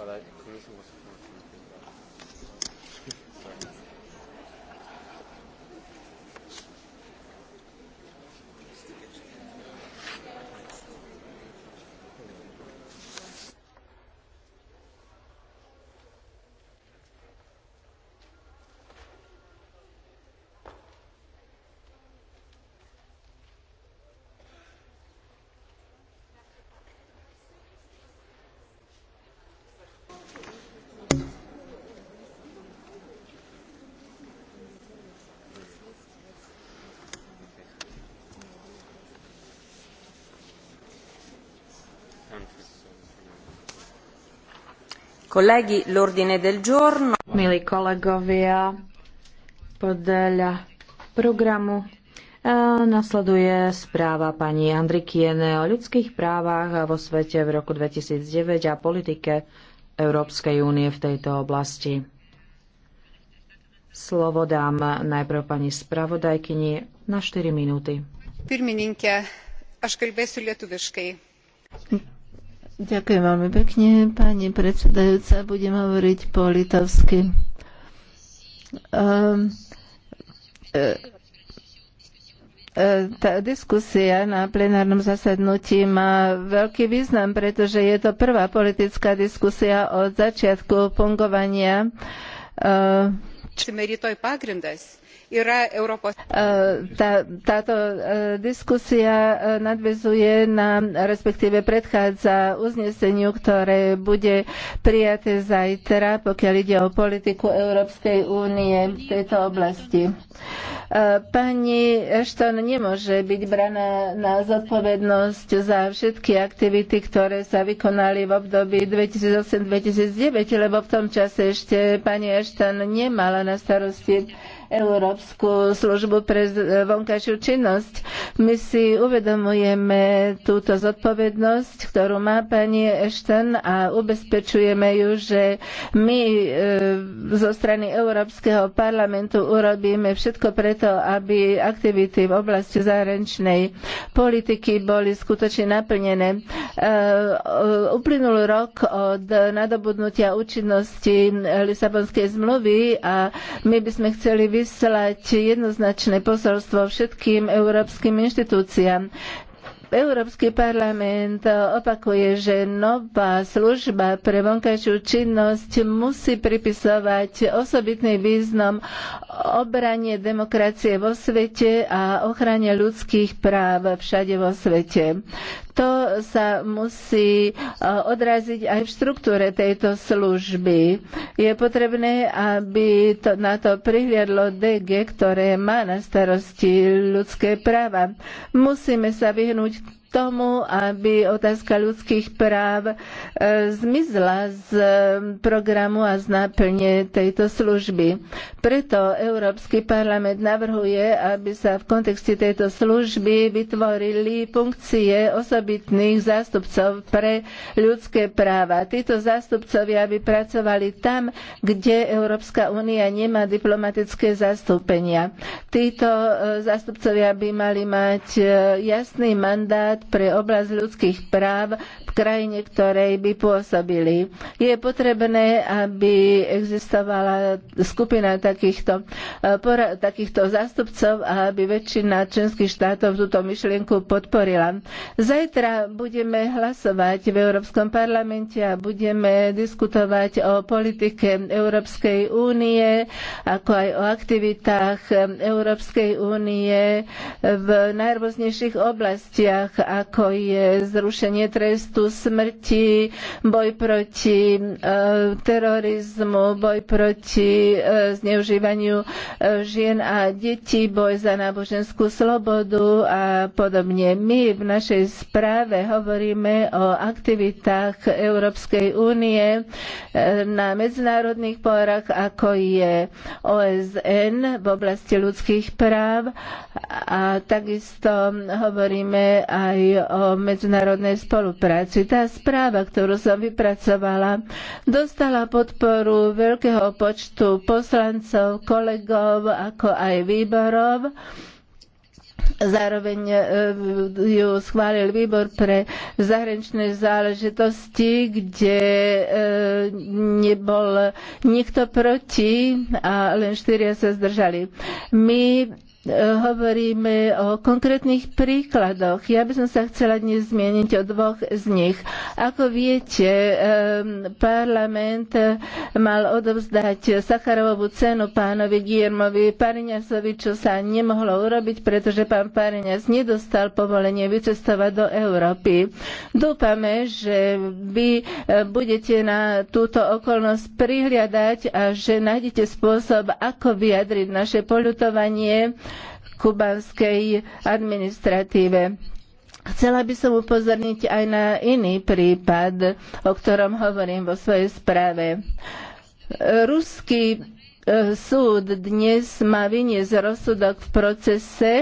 but I, the was Milí kolegovia, podľa programu e, Nasleduje správa pani Andrikiene o ľudských právach vo svete v roku 2009 a politike Európskej únie v tejto oblasti. Slovo dám najprv pani spravodajkyni na 4 minúty. Pirmininke, aš kalbėsiu lietuviškai. Ďakujem veľmi pekne, pani predsedajúca. Budem hovoriť po litovsky. Um, tá diskusia na plenárnom zasadnutí má veľký význam, pretože je to prvá politická diskusia od začiatku fungovania. Uh, E, táto e, diskusia e, nadvezuje na, respektíve predchádza uzneseniu, ktoré bude prijaté zajtra, pokiaľ ide o politiku Európskej únie v tejto oblasti. Pani Ashton nemôže byť braná na zodpovednosť za všetky aktivity, ktoré sa vykonali v období 2008-2009, lebo v tom čase ešte pani Ashton nemala na starosti Európsku službu pre vonkajšiu činnosť. My si uvedomujeme túto zodpovednosť, ktorú má pani Ashton a ubezpečujeme ju, že my e, zo strany Európskeho parlamentu urobíme všetko preto, aby aktivity v oblasti zahraničnej politiky boli skutočne naplnené. E, e, uplynul rok od nadobudnutia účinnosti Lisabonskej zmluvy a my by sme chceli vyslať jednoznačné posolstvo všetkým európskym inštitúciám. Európsky parlament opakuje, že nová služba pre vonkajšiu činnosť musí pripisovať osobitný význam obranie demokracie vo svete a ochrane ľudských práv všade vo svete. To sa musí e, odraziť aj v štruktúre tejto služby. Je potrebné, aby to, na to prihliadlo DG, ktoré má na starosti ľudské práva. Musíme sa vyhnúť tomu, aby otázka ľudských práv e, zmizla z e, programu a z náplne tejto služby. Preto Európsky parlament navrhuje, aby sa v kontexte tejto služby vytvorili funkcie osobitných zástupcov pre ľudské práva. Títo zástupcovia by pracovali tam, kde Európska únia nemá diplomatické zastúpenia. Títo e, zástupcovia by mali mať jasný mandát úrad pre oblasť ľudských práv v krajine, ktorej by pôsobili. Je potrebné, aby existovala skupina takýchto, eh, takýchto zástupcov a aby väčšina členských štátov túto myšlienku podporila. Zajtra budeme hlasovať v Európskom parlamente a budeme diskutovať o politike Európskej únie, ako aj o aktivitách Európskej únie v najrôznejších oblastiach ako je zrušenie trestu smrti, boj proti e, terorizmu, boj proti e, zneužívaniu e, žien a detí, boj za náboženskú slobodu a podobne. My v našej správe hovoríme o aktivitách Európskej únie na medzinárodných porách, ako je OSN v oblasti ľudských práv a takisto hovoríme aj aj o e, medzinárodnej spolupráci. Tá správa, ktorú som vypracovala, dostala podporu veľkého počtu poslancov, kolegov, ako aj výborov. Zároveň e, ju schválil výbor pre zahraničné záležitosti, kde e, nebol nikto proti a len štyria sa zdržali. My E, hovoríme o konkrétnych príkladoch. Ja by som sa chcela dnes zmieniť o dvoch z nich. Ako viete, e, parlament mal odovzdať Sacharovú cenu pánovi Giermovi Pariňasovi, čo sa nemohlo urobiť, pretože pán Pariňas nedostal povolenie vycestovať do Európy. Dúfame, že vy e, budete na túto okolnosť prihliadať a že nájdete spôsob, ako vyjadriť naše poľutovanie kubanskej administratíve. Chcela by som upozorniť aj na iný prípad, o ktorom hovorím vo svojej správe. Ruský Eh, súd dnes má vyniesť rozsudok v procese,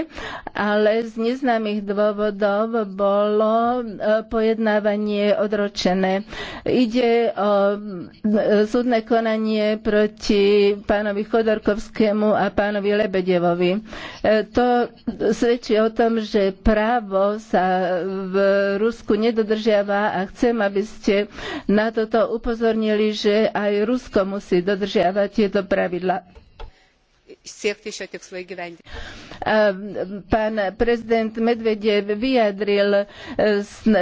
ale z neznámych dôvodov bolo eh, pojednávanie odročené. Ide o eh, súdne konanie proti pánovi Chodorkovskému a pánovi Lebedevovi. To svedčí o tom, že právo sa v Rusku nedodržiava a chcem, aby ste na toto upozornili, že aj Rusko musí dodržiavať tieto práva pravidla. Pán prezident Medvedev vyjadril e,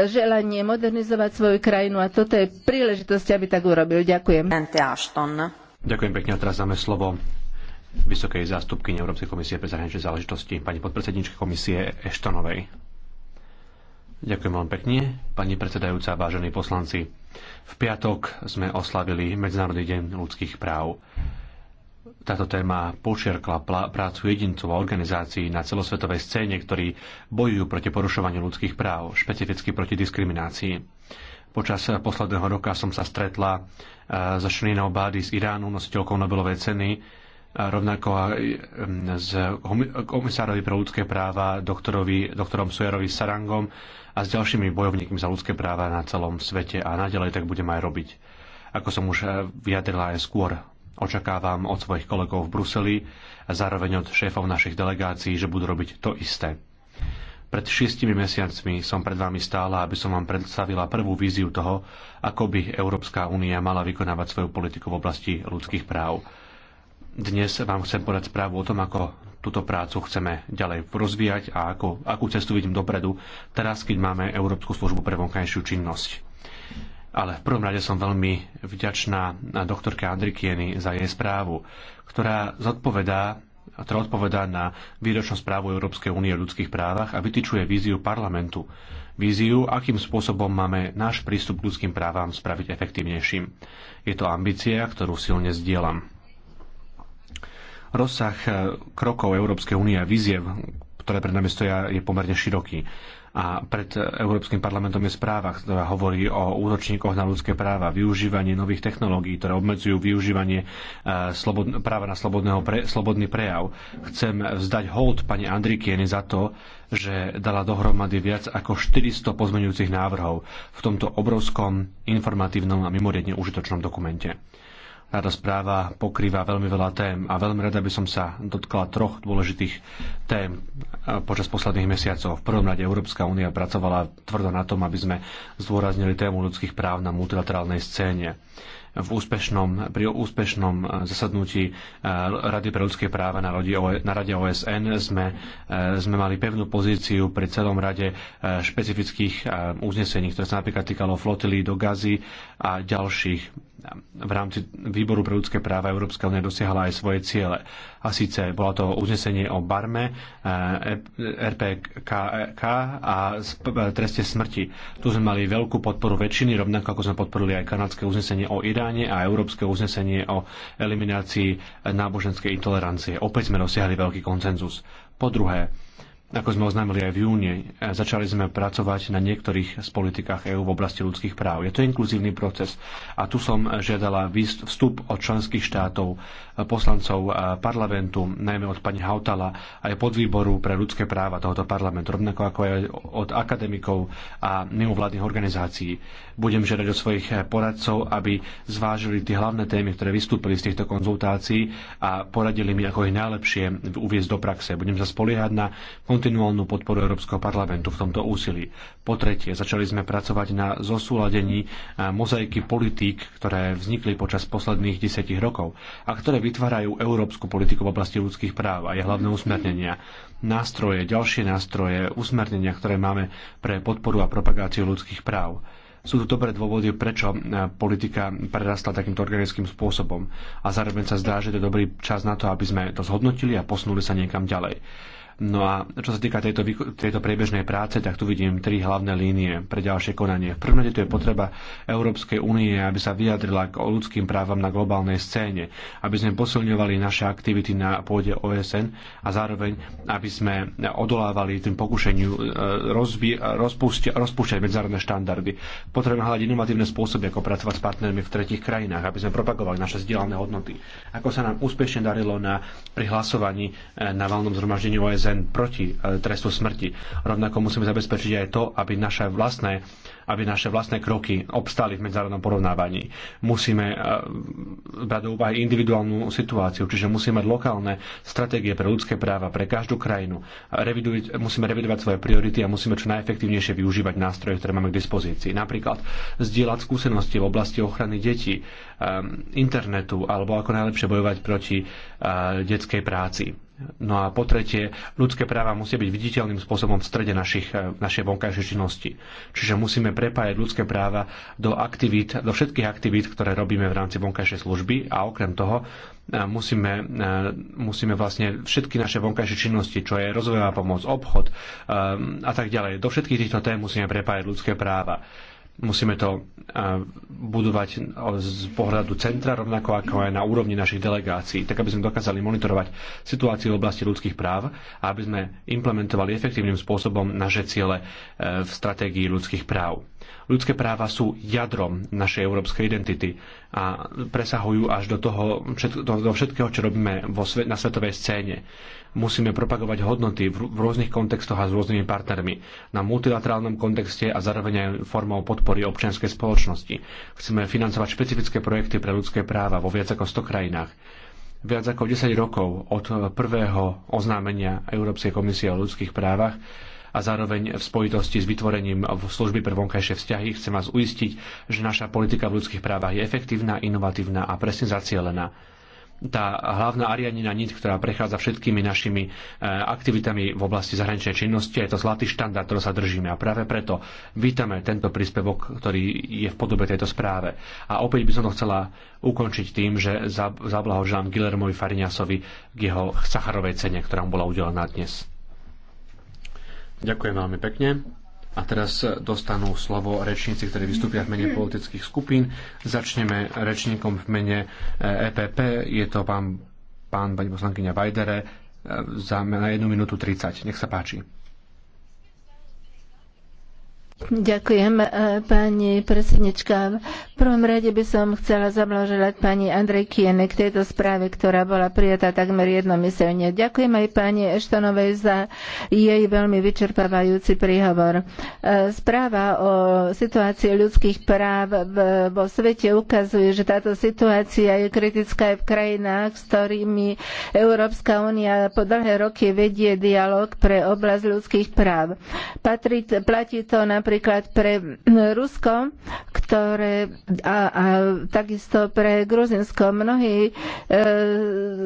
želanie modernizovať svoju krajinu a toto je príležitosť, aby tak urobil. Ďakujem. Ďakujem pekne a teraz dáme slovo vysokej zástupkyne Európskej komisie pre zahraničné záležitosti, pani podpredsedničke komisie Eštonovej. Ďakujem vám pekne, pani predsedajúca, vážení poslanci. V piatok sme oslavili Medzinárodný deň ľudských práv. Táto téma počiarkla prácu jedincov a organizácií na celosvetovej scéne, ktorí bojujú proti porušovaniu ľudských práv, špecificky proti diskriminácii. Počas posledného roka som sa stretla e, so Šrinou Bády z Iránu, nositeľkou Nobelovej ceny, a e, rovnako e, s komisárovi pre ľudské práva, doktorovi, doktorom Sujarovi Sarangom a s ďalšími bojovníkmi za ľudské práva na celom svete a naďalej tak budem aj robiť. Ako som už vyjadrila aj skôr, Očakávam od svojich kolegov v Bruseli a zároveň od šéfov našich delegácií, že budú robiť to isté. Pred šiestimi mesiacmi som pred vami stála, aby som vám predstavila prvú víziu toho, ako by Európska únia mala vykonávať svoju politiku v oblasti ľudských práv. Dnes vám chcem podať správu o tom, ako túto prácu chceme ďalej rozvíjať a ako, akú cestu vidím dopredu, teraz keď máme Európsku službu pre vonkajšiu činnosť. Ale v prvom rade som veľmi vďačná doktorke Andrikieny za jej správu, ktorá zodpovedá ktorá odpovedá na výročnú správu Európskej únie o ľudských právach a vytýčuje víziu parlamentu. Víziu, akým spôsobom máme náš prístup k ľudským právam spraviť efektívnejším. Je to ambícia, ktorú silne zdieľam. Rozsah krokov Európskej únie a víziev, ktoré pred nami stoja, je pomerne široký a pred Európskym parlamentom je správa, ktorá hovorí o úročníkoch na ľudské práva, využívanie nových technológií, ktoré obmedzujú využívanie e, slobod, práva na slobodného pre, slobodný prejav. Chcem vzdať hold pani Andrikieny za to, že dala dohromady viac ako 400 pozmeňujúcich návrhov v tomto obrovskom, informatívnom a mimoriadne užitočnom dokumente táto správa pokrýva veľmi veľa tém a veľmi rada by som sa dotkla troch dôležitých tém počas posledných mesiacov. V prvom rade Európska únia pracovala tvrdo na tom, aby sme zdôraznili tému ľudských práv na multilaterálnej scéne v úspešnom, pri úspešnom zasadnutí eh, Rady pre ľudské práva na, na Rade OSN sme, eh, sme mali pevnú pozíciu pri celom rade eh, špecifických uznesení, ktoré sa napríklad týkalo flotily do Gazy a ďalších v rámci Výboru pre ľudské práva Európska únia dosiahla aj svoje ciele. A síce bola to uznesenie o Barme, eh, RPKK e a treste smrti. Tu sme mali veľkú podporu väčšiny, rovnako ako sme podporili aj kanadské uznesenie o Iráne a európske uznesenie o eliminácii náboženskej intolerancie. Opäť sme dosiahli veľký koncenzus. Po druhé, ako sme oznámili aj v júni, e, začali sme pracovať na niektorých z politikách EÚ v oblasti ľudských práv. Je to inkluzívny proces a tu som žiadala vstup od členských štátov, e, poslancov e, parlamentu, najmä od pani Hautala, aj podvýboru pre ľudské práva tohoto parlamentu, rovnako ako aj od akademikov a mimovládnych organizácií. Budem žiadať od svojich poradcov, aby zvážili tie hlavné témy, ktoré vystúpili z týchto konzultácií a poradili mi, ako ich najlepšie uviezť do praxe. Budem sa spoliehať na kontinuálnu podporu Európskeho parlamentu v tomto úsilí. Po tretie, začali sme pracovať na zosúladení eh, mozaiky politík, ktoré vznikli počas posledných desetich rokov a ktoré vytvárajú európsku politiku v oblasti ľudských práv a je hlavné usmernenia. Nástroje, ďalšie nástroje, usmernenia, ktoré máme pre podporu a propagáciu ľudských práv sú tu dobré dôvody, prečo eh, politika prerastla takýmto organickým spôsobom. A zároveň sa zdá, že to je dobrý čas na to, aby sme to zhodnotili a posunuli sa niekam ďalej. No a čo sa týka tejto, tejto priebežnej práce, tak tu vidím tri hlavné línie pre ďalšie konanie. V prvom rade tu je potreba Európskej únie, aby sa vyjadrila k ľudským právam na globálnej scéne, aby sme posilňovali naše aktivity na pôde OSN a zároveň, aby sme odolávali tým pokušeniu e, rozbi, rozpúšťať medzárodné štandardy. Potrebujeme hľadať inovatívne spôsoby, ako pracovať s partnermi v tretich krajinách, aby sme propagovali naše vzdielané hodnoty. Ako sa nám úspešne darilo na, pri hlasovaní e, na valnom zhromaždení OSN OSN proti eh, trestu smrti. Rovnako musíme zabezpečiť aj to, aby naše vlastné, aby naše vlastné kroky obstali v medzinárodnom porovnávaní. Musíme eh, brať do úvahy individuálnu situáciu, čiže musíme mať lokálne stratégie pre ľudské práva pre každú krajinu. Reviduj, musíme revidovať svoje priority a musíme čo najefektívnejšie využívať nástroje, ktoré máme k dispozícii. Napríklad zdieľať skúsenosti v oblasti ochrany detí, eh, internetu alebo ako najlepšie bojovať proti detskej práci. No a po tretie, ľudské práva musia byť viditeľným spôsobom v strede našich, eh, našej vonkajšej činnosti. Čiže musíme prepájať ľudské práva do aktivít, do všetkých aktivít, ktoré robíme v rámci vonkajšej služby a okrem toho eh, musíme, eh, musíme vlastne všetky naše vonkajšie činnosti, čo je rozvojová pomoc, obchod a tak ďalej, do všetkých týchto tém musíme prepájať ľudské práva Musíme to budovať z pohľadu centra, rovnako ako aj na úrovni našich delegácií, tak aby sme dokázali monitorovať situáciu v oblasti ľudských práv a aby sme implementovali efektívnym spôsobom naše ciele e, v stratégii ľudských práv. Ľudské práva sú jadrom našej európskej identity a presahujú až do, toho, do všetkého, čo robíme vo, na svetovej scéne. Musíme propagovať hodnoty v rôznych kontextoch a s rôznymi partnermi. Na multilaterálnom kontexte a zároveň aj formou podpory občianskej spoločnosti. Chceme financovať špecifické projekty pre ľudské práva vo viac ako 100 krajinách viac ako 10 rokov od prvého oznámenia Európskej komisie o ľudských právach a zároveň v spojitosti s vytvorením služby pre vonkajšie vzťahy chcem vás uistiť, že naša politika v ľudských právach je efektívna, inovatívna a presne zacielená tá hlavná arianina nit, ktorá prechádza všetkými našimi e, aktivitami v oblasti zahraničnej činnosti. Je to zlatý štandard, ktorý sa držíme. A práve preto vítame tento príspevok, ktorý je v podobe tejto správe. A opäť by som to chcela ukončiť tým, že zablahožám Gilermovi Fariňasovi k jeho Sacharovej cene, ktorá mu bola udelená dnes. Ďakujem veľmi pekne. A teraz dostanú slovo rečníci, ktorí vystúpia v mene politických skupín. Začneme rečníkom v mene EPP. Eh, e Je to pán, pán pani poslankyňa Vajdere eh, za, na 1 minútu 30. Nech sa páči. Ďakujem, e, pani predsednička. V prvom rade by som chcela zablaželať pani Andrej Kiene k tejto správe, ktorá bola prijatá takmer jednomyselne. Ďakujem aj pani Eštonovej za jej veľmi vyčerpávajúci príhovor. E, správa o situácii ľudských práv vo svete ukazuje, že táto situácia je kritická aj v krajinách, s ktorými Európska únia po dlhé roky vedie dialog pre oblasť ľudských práv. Patrí, platí to napríklad napríklad pre Rusko, ktoré a, a takisto pre Gruzinsko. Mnohí e,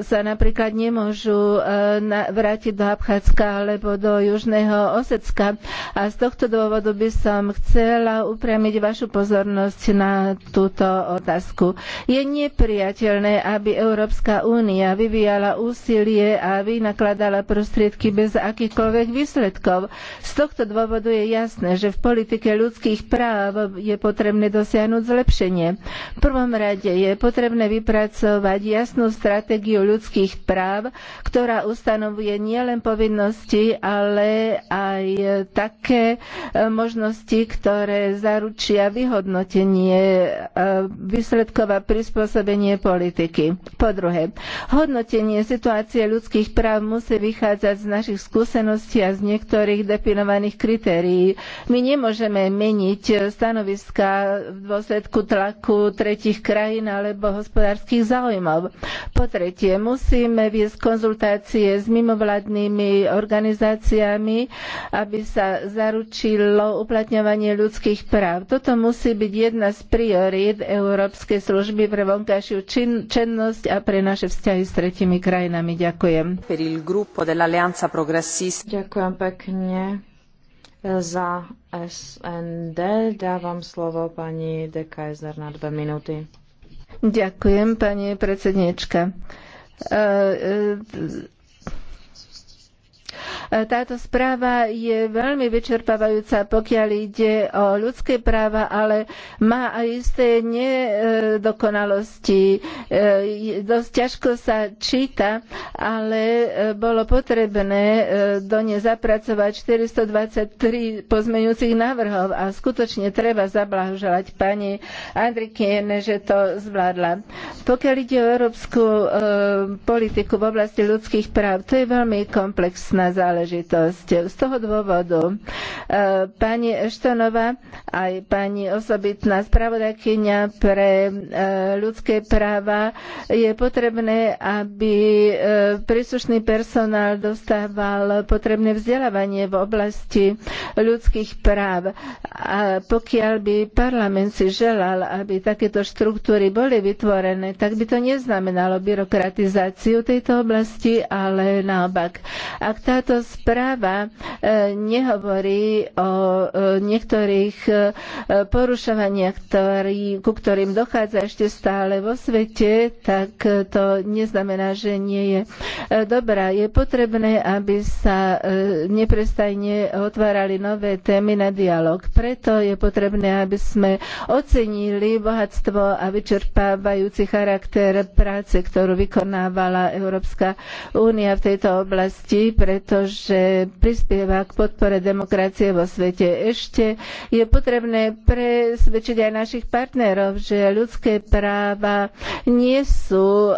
sa napríklad nemôžu e, na, vrátiť do Abchádzka alebo do Južného Osecka a z tohto dôvodu by som chcela upriamiť vašu pozornosť na túto otázku. Je nepriateľné, aby Európska únia vyvíjala úsilie a vynakladala prostriedky bez akýchkoľvek výsledkov. Z tohto dôvodu je jasné, že v politike ľudských práv je potrebné dosiahnuť zlepšenie. V prvom rade je potrebné vypracovať jasnú stratégiu ľudských práv, ktorá ustanovuje nielen povinnosti, ale aj také e, možnosti, ktoré zaručia vyhodnotenie e, výsledkov a prispôsobenie politiky. Po druhé, hodnotenie situácie ľudských práv musí vychádzať z našich skúseností a z niektorých definovaných kritérií. My nemôžeme meniť stanoviska v dôsledku tlaku tretich krajín alebo hospodárskych záujmov. Po tretie, musíme viesť konzultácie s mimovládnymi organizáciami, aby sa zaručilo uplatňovanie ľudských práv. Toto musí byť jedna z priorít Európskej služby pre vonkajšiu čin, činnosť a pre naše vzťahy s tretimi krajinami. Ďakujem. Ďakujem pekne. Za SND dávam slovo pani De Kaiser na dve minúty. Ďakujem, pani predsednička e, e, E, táto správa je veľmi vyčerpávajúca, pokiaľ ide o ľudské práva, ale má aj isté nedokonalosti. E, dosť ťažko sa číta, ale e, bolo potrebné do nej zapracovať 423 pozmeňujúcich návrhov a skutočne treba zablahoželať pani Andrikiene, že to zvládla. Pokiaľ ide o európsku politiku v oblasti ľudských práv, to je veľmi komplexná záležitosť záležitosť. Z toho dôvodu e, pani Eštonová aj pani osobitná spravodajkyňa pre e, ľudské práva je potrebné, aby e, príslušný personál dostával potrebné vzdelávanie v oblasti ľudských práv. A pokiaľ by parlament si želal, aby takéto štruktúry boli vytvorené, tak by to neznamenalo byrokratizáciu tejto oblasti, ale naopak. Ak táto táto správa e, nehovorí o e, niektorých e, porušovaniach, ktorý, ku ktorým dochádza ešte stále vo svete, tak to neznamená, že nie je dobrá. Je potrebné, aby sa neprestajne otvárali nové témy na dialog. Preto je potrebné, aby sme ocenili bohatstvo a vyčerpávajúci charakter práce, ktorú vykonávala Európska únia v tejto oblasti, preto pretože prispieva k podpore demokracie vo svete. Ešte je potrebné presvedčiť aj našich partnerov, že ľudské práva nie sú eh,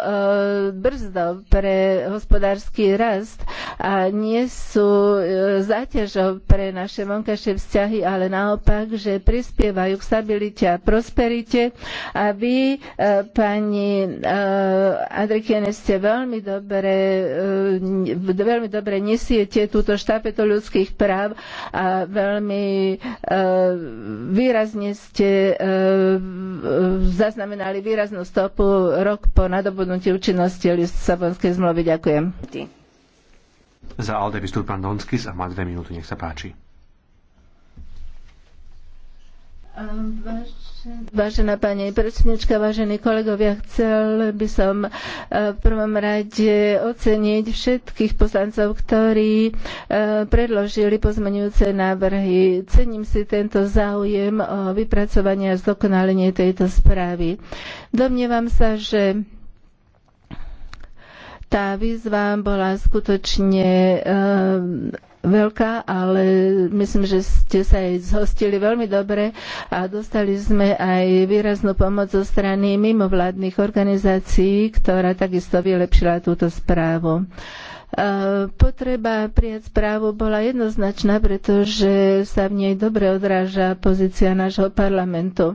brzdou pre hospodársky rast a nie sú eh, záťažou pre naše vonkajšie vzťahy, ale naopak, že prispievajú k stabilite a prosperite. A vy, eh, pani Andrikiene, ste veľmi dobre, veľmi dobre nesie nesiete túto štafetu ľudských práv a veľmi e, výrazne ste e, zaznamenali výraznú stopu rok po nadobudnutí účinnosti Lisabonskej zmluvy. Ďakujem. Za Alde vystúpi pán Donskis a má dve minúty, nech sa páči. Um, váš... Vážená pani predsednička, vážení kolegovia, chcel by som e, v prvom rade oceniť všetkých poslancov, ktorí e, predložili pozmenujúce návrhy. Cením si tento záujem o vypracovanie a zdokonalenie tejto správy. Domnievam sa, že tá výzva bola skutočne e, veľká, ale myslím, že ste sa aj zhostili veľmi dobre a dostali sme aj výraznú pomoc zo strany mimovládnych organizácií, ktorá takisto vylepšila túto správu. Eh, potreba prijať správu bola jednoznačná, pretože sa v nej dobre odráža pozícia nášho parlamentu.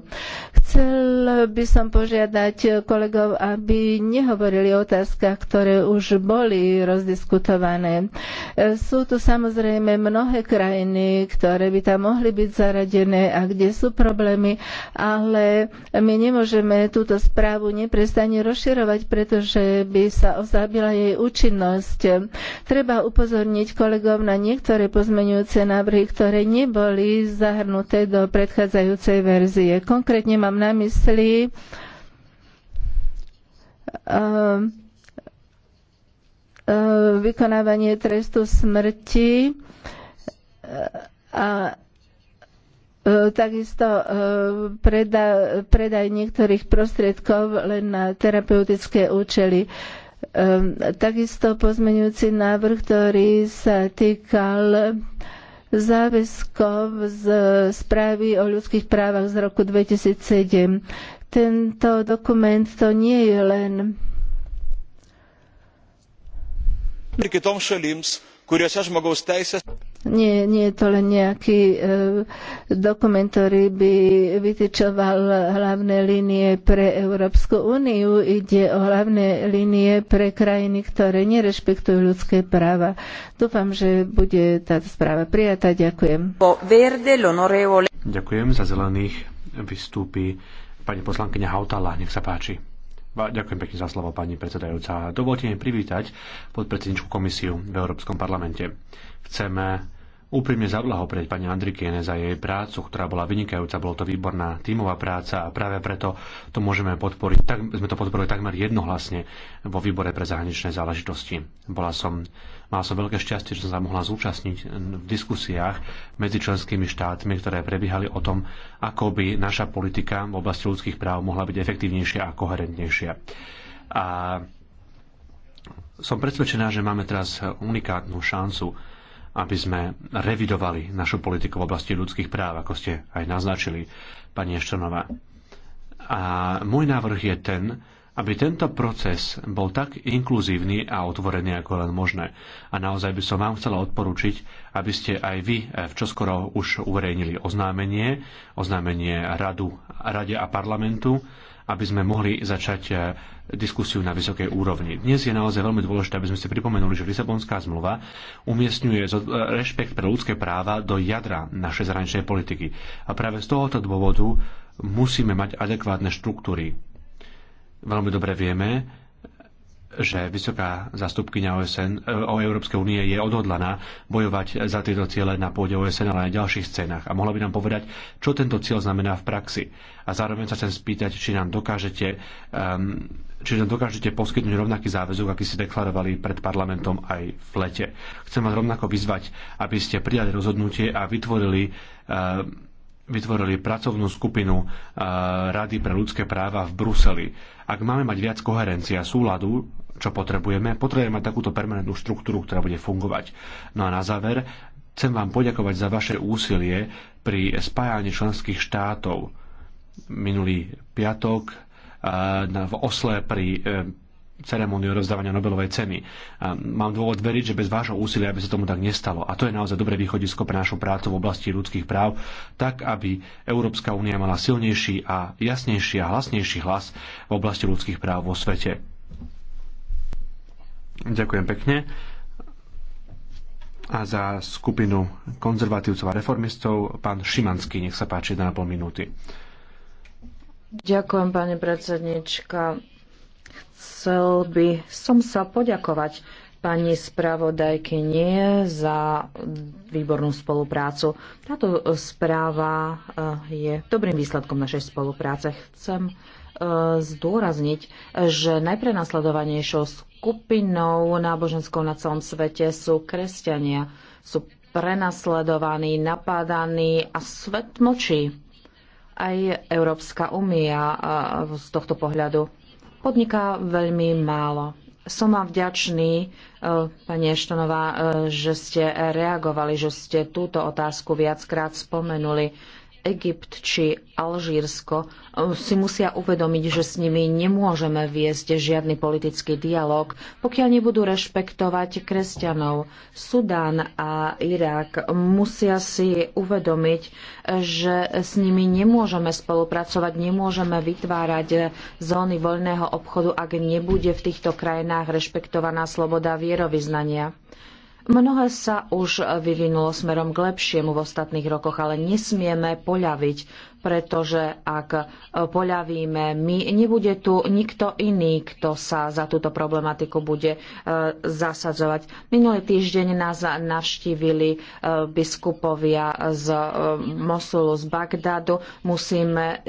Chcel by som požiadať kolegov, aby nehovorili o otázkach, ktoré už boli rozdiskutované. Eh, sú tu samozrejme mnohé krajiny, ktoré by tam mohli byť zaradené a kde sú problémy, ale my nemôžeme túto správu neprestane rozširovať, pretože by sa ozábila jej účinnosť Treba upozorniť kolegov na niektoré pozmenujúce návrhy, ktoré neboli zahrnuté do predchádzajúcej verzie. Konkrétne mám na mysli eh, eh, vykonávanie trestu smrti eh, a takisto predaj niektorých prostriedkov len na terapeutické účely. Ehm, takisto pozmeňujúci návrh, ktorý sa týkal záväzkov z správy o ľudských právach z roku 2007. Tento dokument to nie je len ir kitoms šalims kuriuose žmogaus teisės nie, nie je to len nejaký e, dokument, ktorý by vytyčoval hlavné línie pre Európsku úniu. Ide o hlavné línie pre krajiny, ktoré nerešpektujú ľudské práva. Dúfam, že bude táto správa prijatá. Ďakujem. Ďakujem. Za zelených vystúpi pani poslankyňa Hautala. Nech sa páči. Ďakujem pekne za slovo, pani predsedajúca. Dovolte mi privítať podpredsedničku komisiu v Európskom parlamente. Chceme úprimne zablahoprieť pani Andrikiene za jej prácu, ktorá bola vynikajúca, bolo to výborná tímová práca a práve preto to môžeme podporiť. Tak, sme to podporili takmer jednohlasne vo výbore pre zahraničné záležitosti. Bola som Mal som veľké šťastie, že som sa mohla zúčastniť v diskusiách medzi členskými štátmi, ktoré prebiehali o tom, ako by naša politika v oblasti ľudských práv mohla byť efektívnejšia a koherentnejšia. A som presvedčená, že máme teraz unikátnu šancu, aby sme revidovali našu politiku v oblasti ľudských práv, ako ste aj naznačili, pani Eštronová. A môj návrh je ten, aby tento proces bol tak inkluzívny a otvorený ako len možné. A naozaj by som vám chcela odporučiť, aby ste aj vy eh, v čoskoro už uverejnili oznámenie, oznámenie radu, rade a parlamentu, aby sme mohli začať eh, diskusiu na vysokej úrovni. Dnes je naozaj veľmi dôležité, aby sme si pripomenuli, že Lisabonská zmluva umiestňuje eh, rešpekt pre ľudské práva do jadra našej zahraničnej politiky. A práve z tohoto dôvodu musíme mať adekvátne štruktúry, veľmi dobre vieme, že vysoká zastupkynia OSN, eh, o Európskej únie je odhodlaná bojovať za tieto ciele na pôde OSN, ale aj na ďalších scénach. A mohla by nám povedať, čo tento cieľ znamená v praxi. A zároveň sa chcem spýtať, či nám dokážete um, či nám dokážete poskytnúť rovnaký záväzok, aký ste deklarovali pred parlamentom aj v lete. Chcem vás rovnako vyzvať, aby ste prijali rozhodnutie a vytvorili um, vytvorili pracovnú skupinu eh, Rady pre ľudské práva v Bruseli ak máme mať viac koherencia súladu, čo potrebujeme, potrebujeme mať takúto permanentnú štruktúru, ktorá bude fungovať. No a na záver, chcem vám poďakovať za vaše úsilie pri spájaní členských štátov. Minulý piatok eh, v Osle pri eh, ceremóniu rozdávania Nobelovej ceny. A mám dôvod veriť, že bez vášho úsilia by sa tomu tak nestalo. A to je naozaj dobré východisko pre našu prácu v oblasti ľudských práv, tak aby Európska únia mala silnejší a jasnejší a hlasnejší hlas v oblasti ľudských práv vo svete. Ďakujem pekne. A za skupinu konzervatívcov a reformistov pán Šimanský, nech sa páči 1,5 minúty. Ďakujem, pani predsednička. Chcel by som sa poďakovať pani spravodajkynie za výbornú spoluprácu. Táto správa eh, je dobrým výsledkom našej spolupráce. Chcem eh, zdôrazniť, že najprenasledovanejšou skupinou náboženskou na celom svete sú kresťania. Sú prenasledovaní, napádaní a svet močí Aj Európska únia eh, z tohto pohľadu podniká veľmi málo. Som vám vďačný, e, pani Eštonová, e, že ste reagovali, že ste túto otázku viackrát spomenuli Egypt či Alžírsko e, si musia uvedomiť, že s nimi nemôžeme viesť žiadny politický dialog, pokiaľ nebudú rešpektovať kresťanov. Sudán a Irak musia si uvedomiť, že s nimi nemôžeme spolupracovať, nemôžeme vytvárať zóny voľného obchodu, ak nebude v týchto krajinách rešpektovaná sloboda vierovyznania. Mnohé sa už vyvinulo smerom k lepšiemu v ostatných rokoch, ale nesmieme poľaviť pretože ak e, poľavíme my, nebude tu nikto iný, kto sa za túto problematiku bude e, zasadzovať. Minulý týždeň nás navštívili e, biskupovia z Mosulu, z Bagdadu. Musíme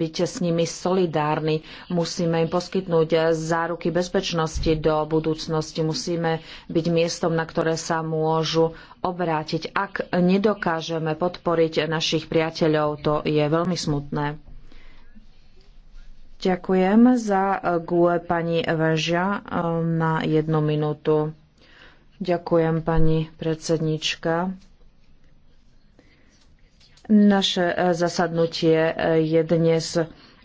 byť s nimi solidárni, musíme im poskytnúť záruky bezpečnosti do budúcnosti, musíme byť miestom, na ktoré sa môžu obrátiť. Ak nedokážeme podporiť našich priateľov, to je veľmi smutné. Ďakujem za gule pani Vežia eh, na jednu minútu. Ďakujem pani predsednička. Naše eh, zasadnutie eh, je dnes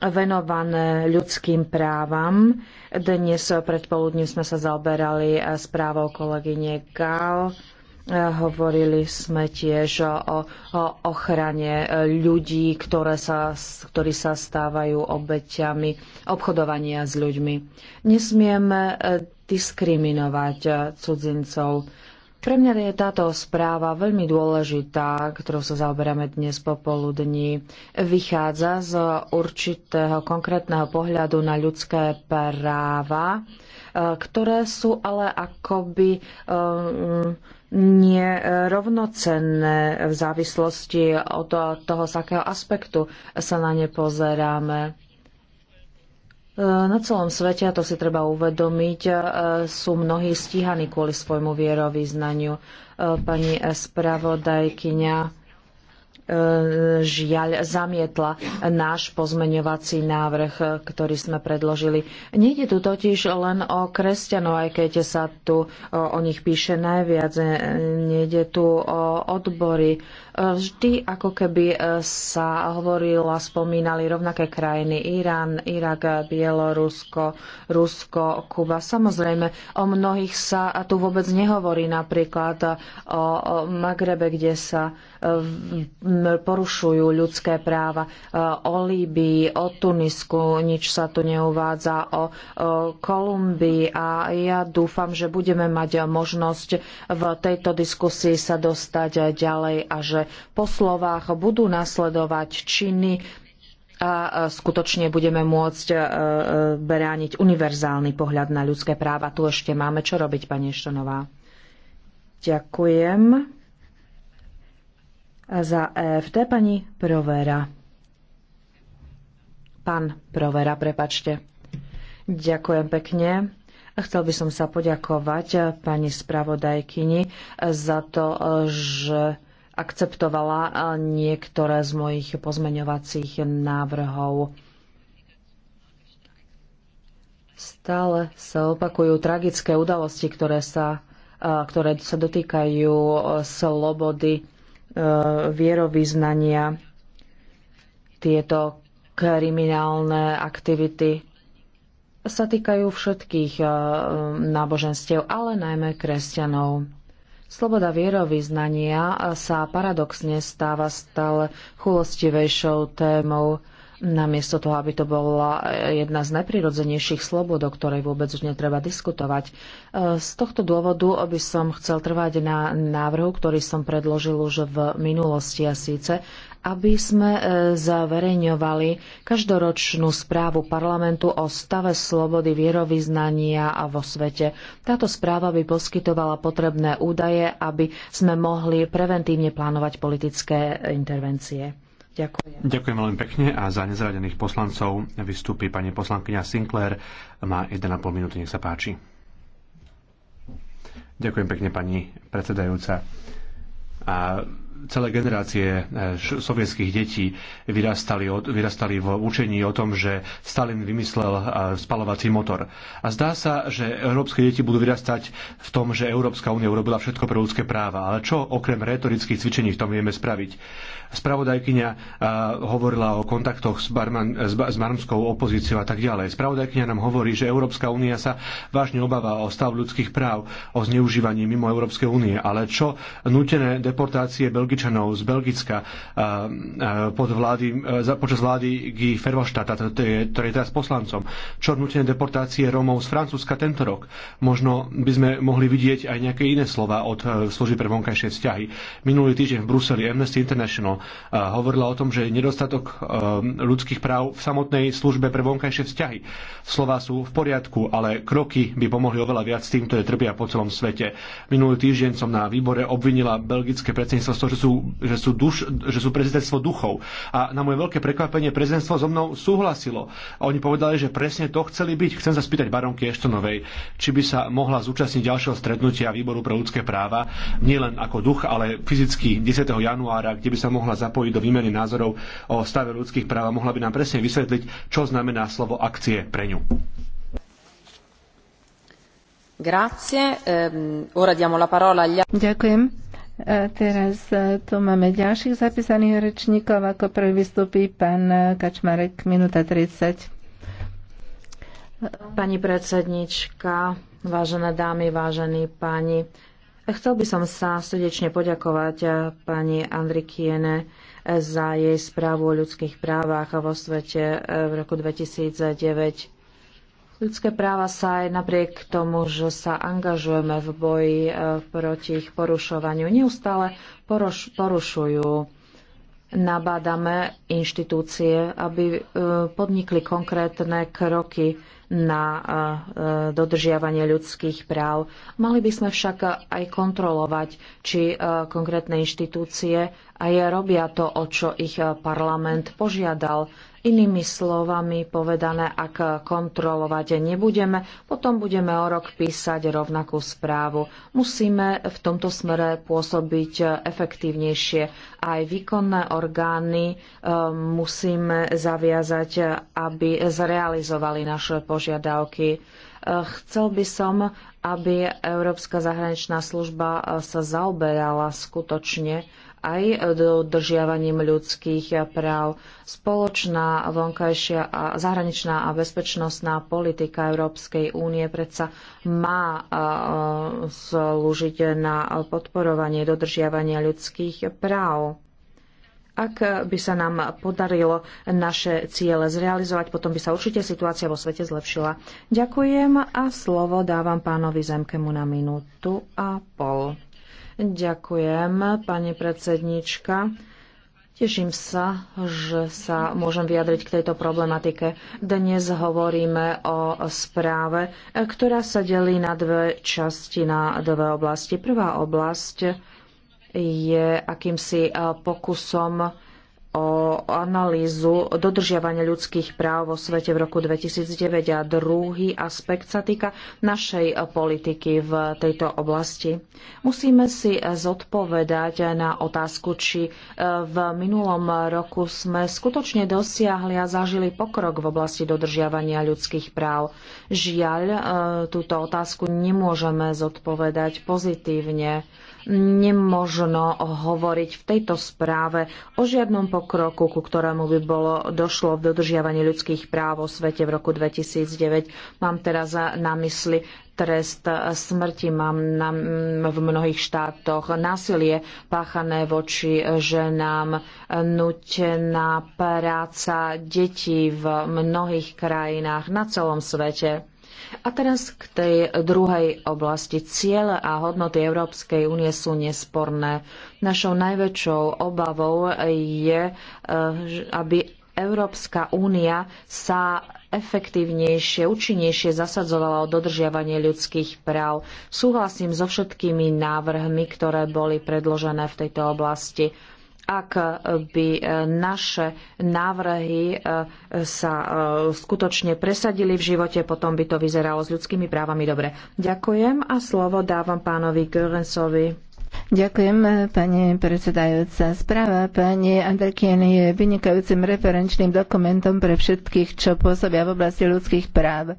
venované ľudským právam. Dnes predpoludním sme sa zaoberali správou kolegyne Gál Hovorili sme tiež o, ochrane ľudí, ktoré sa, ktorí sa stávajú obeťami obchodovania s ľuďmi. Nesmieme eh, diskriminovať eh, cudzincov. Pre mňa je táto správa veľmi dôležitá, ktorou sa zaoberáme dnes popoludní. Vychádza z určitého konkrétneho pohľadu na ľudské práva, e, ktoré sú ale akoby um, v závislosti od toho, z akého aspektu sa na ne pozeráme. Eh, na celom svete, a to si treba uvedomiť, eh, sú mnohí stíhaní kvôli svojmu vierovýznaniu. Eh, pani spravodajkyňa žiaľ zamietla náš pozmeňovací návrh, ktorý sme predložili. Nejde tu totiž len o kresťanov, aj keď sa tu o nich píše najviac. Nejde tu o odbory Vždy ako keby e, sa hovorilo a spomínali rovnaké krajiny Irán, Irak, Bielorusko, Rusko, Kuba. Samozrejme, o mnohých sa tu vôbec nehovorí, napríklad o Magrebe, kde sa e, porušujú ľudské práva, e, o Líbii, o Tunisku, nič sa tu neuvádza, o Kolumbii a ja dúfam, že budeme mať možnosť v tejto diskusii sa dostať ďalej a že po slovách budú nasledovať činy a skutočne budeme môcť brániť univerzálny pohľad na ľudské práva. Tu ešte máme čo robiť, pani Štonová. Ďakujem. Za EFT pani Provera. Pán Provera, prepačte. Ďakujem pekne. Chcel by som sa poďakovať pani spravodajkyni za to, že akceptovala eh, niektoré z mojich pozmeňovacích návrhov. Stále sa opakujú tragické udalosti, ktoré sa, eh, ktoré sa dotýkajú eh, slobody vierovýznania. Tieto kriminálne aktivity sa týkajú všetkých náboženstiev, ale najmä kresťanov. Sloboda vierovýznania sa paradoxne stáva stále chulostivejšou témou namiesto toho, aby to bola jedna z najprirodzenejších slobod, o ktorej vôbec už netreba diskutovať. E, z tohto dôvodu by som chcel trvať na návrhu, ktorý som predložil už v minulosti a síce, aby sme e, zaverejňovali každoročnú správu parlamentu o stave slobody vierovýznania a vo svete. Táto správa by poskytovala potrebné údaje, aby sme mohli preventívne plánovať politické intervencie. Ďakujem. Ďakujem veľmi pekne a za nezradených poslancov vystúpi pani poslankyňa Sinclair. Má 1,5 minúty, nech sa páči. Ďakujem pekne, pani predsedajúca. A celé generácie eh, sovietských detí vyrastali, od, vyrastali v učení o tom, že Stalin vymyslel eh, spalovací motor. A zdá sa, že európske deti budú vyrastať v tom, že Európska únia urobila všetko pre ľudské práva. Ale čo okrem retorických cvičení v tom vieme spraviť? Spravodajkyňa eh, hovorila o kontaktoch s, barman, s, s barmskou opozíciou a tak ďalej. Spravodajkyňa nám hovorí, že Európska únia sa vážne obáva o stav ľudských práv, o zneužívaní mimo Európskej únie. Ale čo nutené deportácie Bel- Belgičanov z Belgicka pod vlády, e, počas vlády Guy Ferroštata, ktorý je teraz poslancom, čo nutené deportácie Rómov z Francúzska tento rok. Možno by sme mohli vidieť aj nejaké iné slova od e, služby pre vonkajšie vzťahy. Minulý týždeň v Bruseli Amnesty International hovorila o tom, že nedostatok e, ľudských práv v samotnej službe pre vonkajšie vzťahy. Slova sú v poriadku, ale kroky by pomohli oveľa viac tým, ktoré trpia po celom svete. Minulý týždeň som na výbore obvinila belgické predsedníctvo z toho, to sú, že sú, duš, že sú prezidentstvo duchov. A na moje veľké prekvapenie prezidentstvo so mnou súhlasilo. A oni povedali, že presne to chceli byť. Chcem sa spýtať baronky Eštonovej, či by sa mohla zúčastniť ďalšieho stretnutia výboru pre ľudské práva, nielen ako duch, ale fyzicky 10. januára, kde by sa mohla zapojiť do výmeny názorov o stave ľudských práv a mohla by nám presne vysvetliť, čo znamená slovo akcie pre ňu. Grazie. Ehm, ora diamo la parola agli... Ďakujem. A teraz e, tu máme ďalších zapísaných rečníkov. Ako prvý vystupí pán Kačmarek, minúta 30. Pani predsednička, vážené dámy, vážení páni, chcel by som sa srdečne poďakovať e, pani Andrikiene e, za jej správu o ľudských právach vo svete v roku 2009 Ľudské práva sa aj napriek tomu, že sa angažujeme v boji e, proti ich porušovaniu, neustále poruš- porušujú. Nabádame inštitúcie, aby e, podnikli konkrétne kroky na e, dodržiavanie ľudských práv. Mali by sme však aj kontrolovať, či konkrétne inštitúcie aj robia to, o čo ich parlament požiadal Inými slovami povedané, ak kontrolovať nebudeme, potom budeme o rok písať rovnakú správu. Musíme v tomto smere pôsobiť efektívnejšie. Aj výkonné orgány e, musíme zaviazať, aby zrealizovali naše požiadavky. E, chcel by som, aby Európska zahraničná služba e, sa zaoberala skutočne aj dodržiavaním ľudských práv. Spoločná vonkajšia a zahraničná a bezpečnostná politika Európskej únie predsa má slúžiť na podporovanie dodržiavania ľudských práv. Ak by sa nám podarilo naše ciele zrealizovať, potom by sa určite situácia vo svete zlepšila. Ďakujem a slovo dávam pánovi Zemkemu na minútu a pol. Ďakujem, pani predsednička. Teším sa, že sa môžem vyjadriť k tejto problematike. Dnes hovoríme o správe, ktorá sa delí na dve časti, na dve oblasti. Prvá oblasť je akýmsi pokusom o analýzu dodržiavania ľudských práv vo svete v roku 2009 a druhý aspekt sa týka našej politiky v tejto oblasti. Musíme si zodpovedať na otázku, či e, v minulom roku sme skutočne dosiahli a zažili pokrok v oblasti dodržiavania ľudských práv. Žiaľ, e, túto otázku nemôžeme zodpovedať pozitívne nemožno hovoriť v tejto správe o žiadnom pokroku, ku ktorému by bolo došlo v dodržiavaní ľudských práv vo svete v roku 2009. Mám teraz na mysli trest smrti mám na, v mnohých štátoch, násilie páchané voči ženám, nutená práca detí v mnohých krajinách na celom svete. A teraz k tej druhej oblasti. Ciele a hodnoty Európskej únie sú nesporné. Našou najväčšou obavou je, eh, aby Európska únia sa efektívnejšie, účinnejšie zasadzovala o dodržiavanie ľudských práv. Súhlasím so všetkými návrhmi, ktoré boli predložené v tejto oblasti ak by e, naše návrhy e, sa e, skutočne presadili v živote, potom by to vyzeralo s ľudskými právami dobre. Ďakujem a slovo dávam pánovi Görensovi. Ďakujem, pani predsedajúca. Správa pani Andrkien je vynikajúcim referenčným dokumentom pre všetkých, čo pôsobia v oblasti ľudských práv.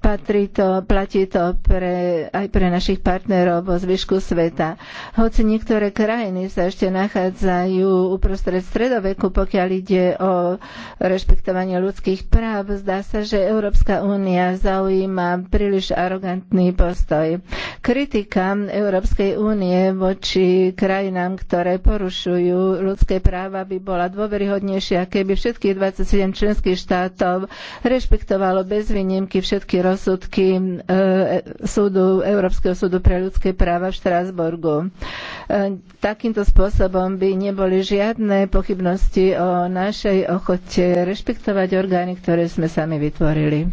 Patrí to, platí to pre, aj pre našich partnerov vo zvyšku sveta. Hoci niektoré krajiny sa ešte nachádzajú uprostred stredoveku, pokiaľ ide o rešpektovanie ľudských práv, zdá sa, že Európska únia zaujíma príliš arogantný postoj. Kritika Európskej únie vo voči krajinám, ktoré porušujú ľudské práva, by bola dôveryhodnejšia, keby všetkých 27 členských štátov rešpektovalo bez výnimky všetky rozsudky e, súdu, Európskeho súdu pre ľudské práva v Štrásburgu. E, takýmto spôsobom by neboli žiadne pochybnosti o našej ochote rešpektovať orgány, ktoré sme sami vytvorili.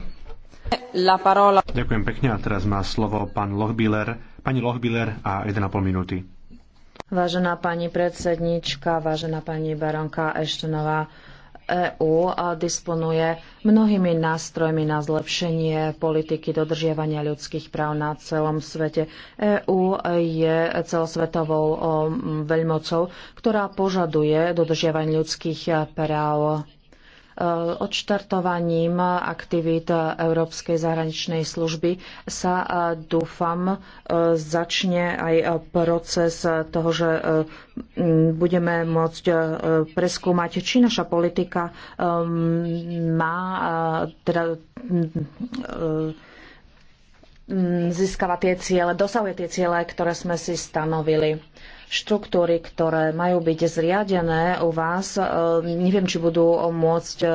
Ďakujem pekne a teraz má slovo pán Lochbiller Pani Lochbiller a 1,5 minúty. Vážená pani predsednička, vážená pani baronka Eštenová, EÚ disponuje mnohými nástrojmi na zlepšenie politiky dodržiavania ľudských práv na celom svete. EÚ je celosvetovou veľmocou, ktorá požaduje dodržiavanie ľudských práv Eh, odštartovaním aktivít Európskej zahraničnej služby sa eh, dúfam eh, začne aj proces toho, že budeme môcť preskúmať, či naša politika má teda získava tie ciele, dosahuje tie ciele, ktoré sme si stanovili štruktúry, ktoré majú byť zriadené u vás, e, neviem, či budú môcť e,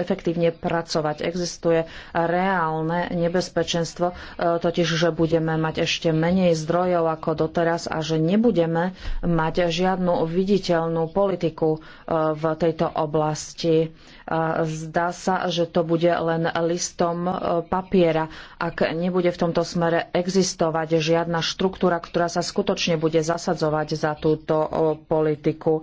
efektívne pracovať. Existuje reálne nebezpečenstvo, e, totiž, že budeme mať ešte menej zdrojov ako doteraz a že nebudeme mať žiadnu viditeľnú politiku v tejto oblasti zdá sa, že to bude len listom e, papiera, ak nebude v tomto smere existovať žiadna štruktúra, ktorá sa skutočne bude zasadzovať za túto politiku.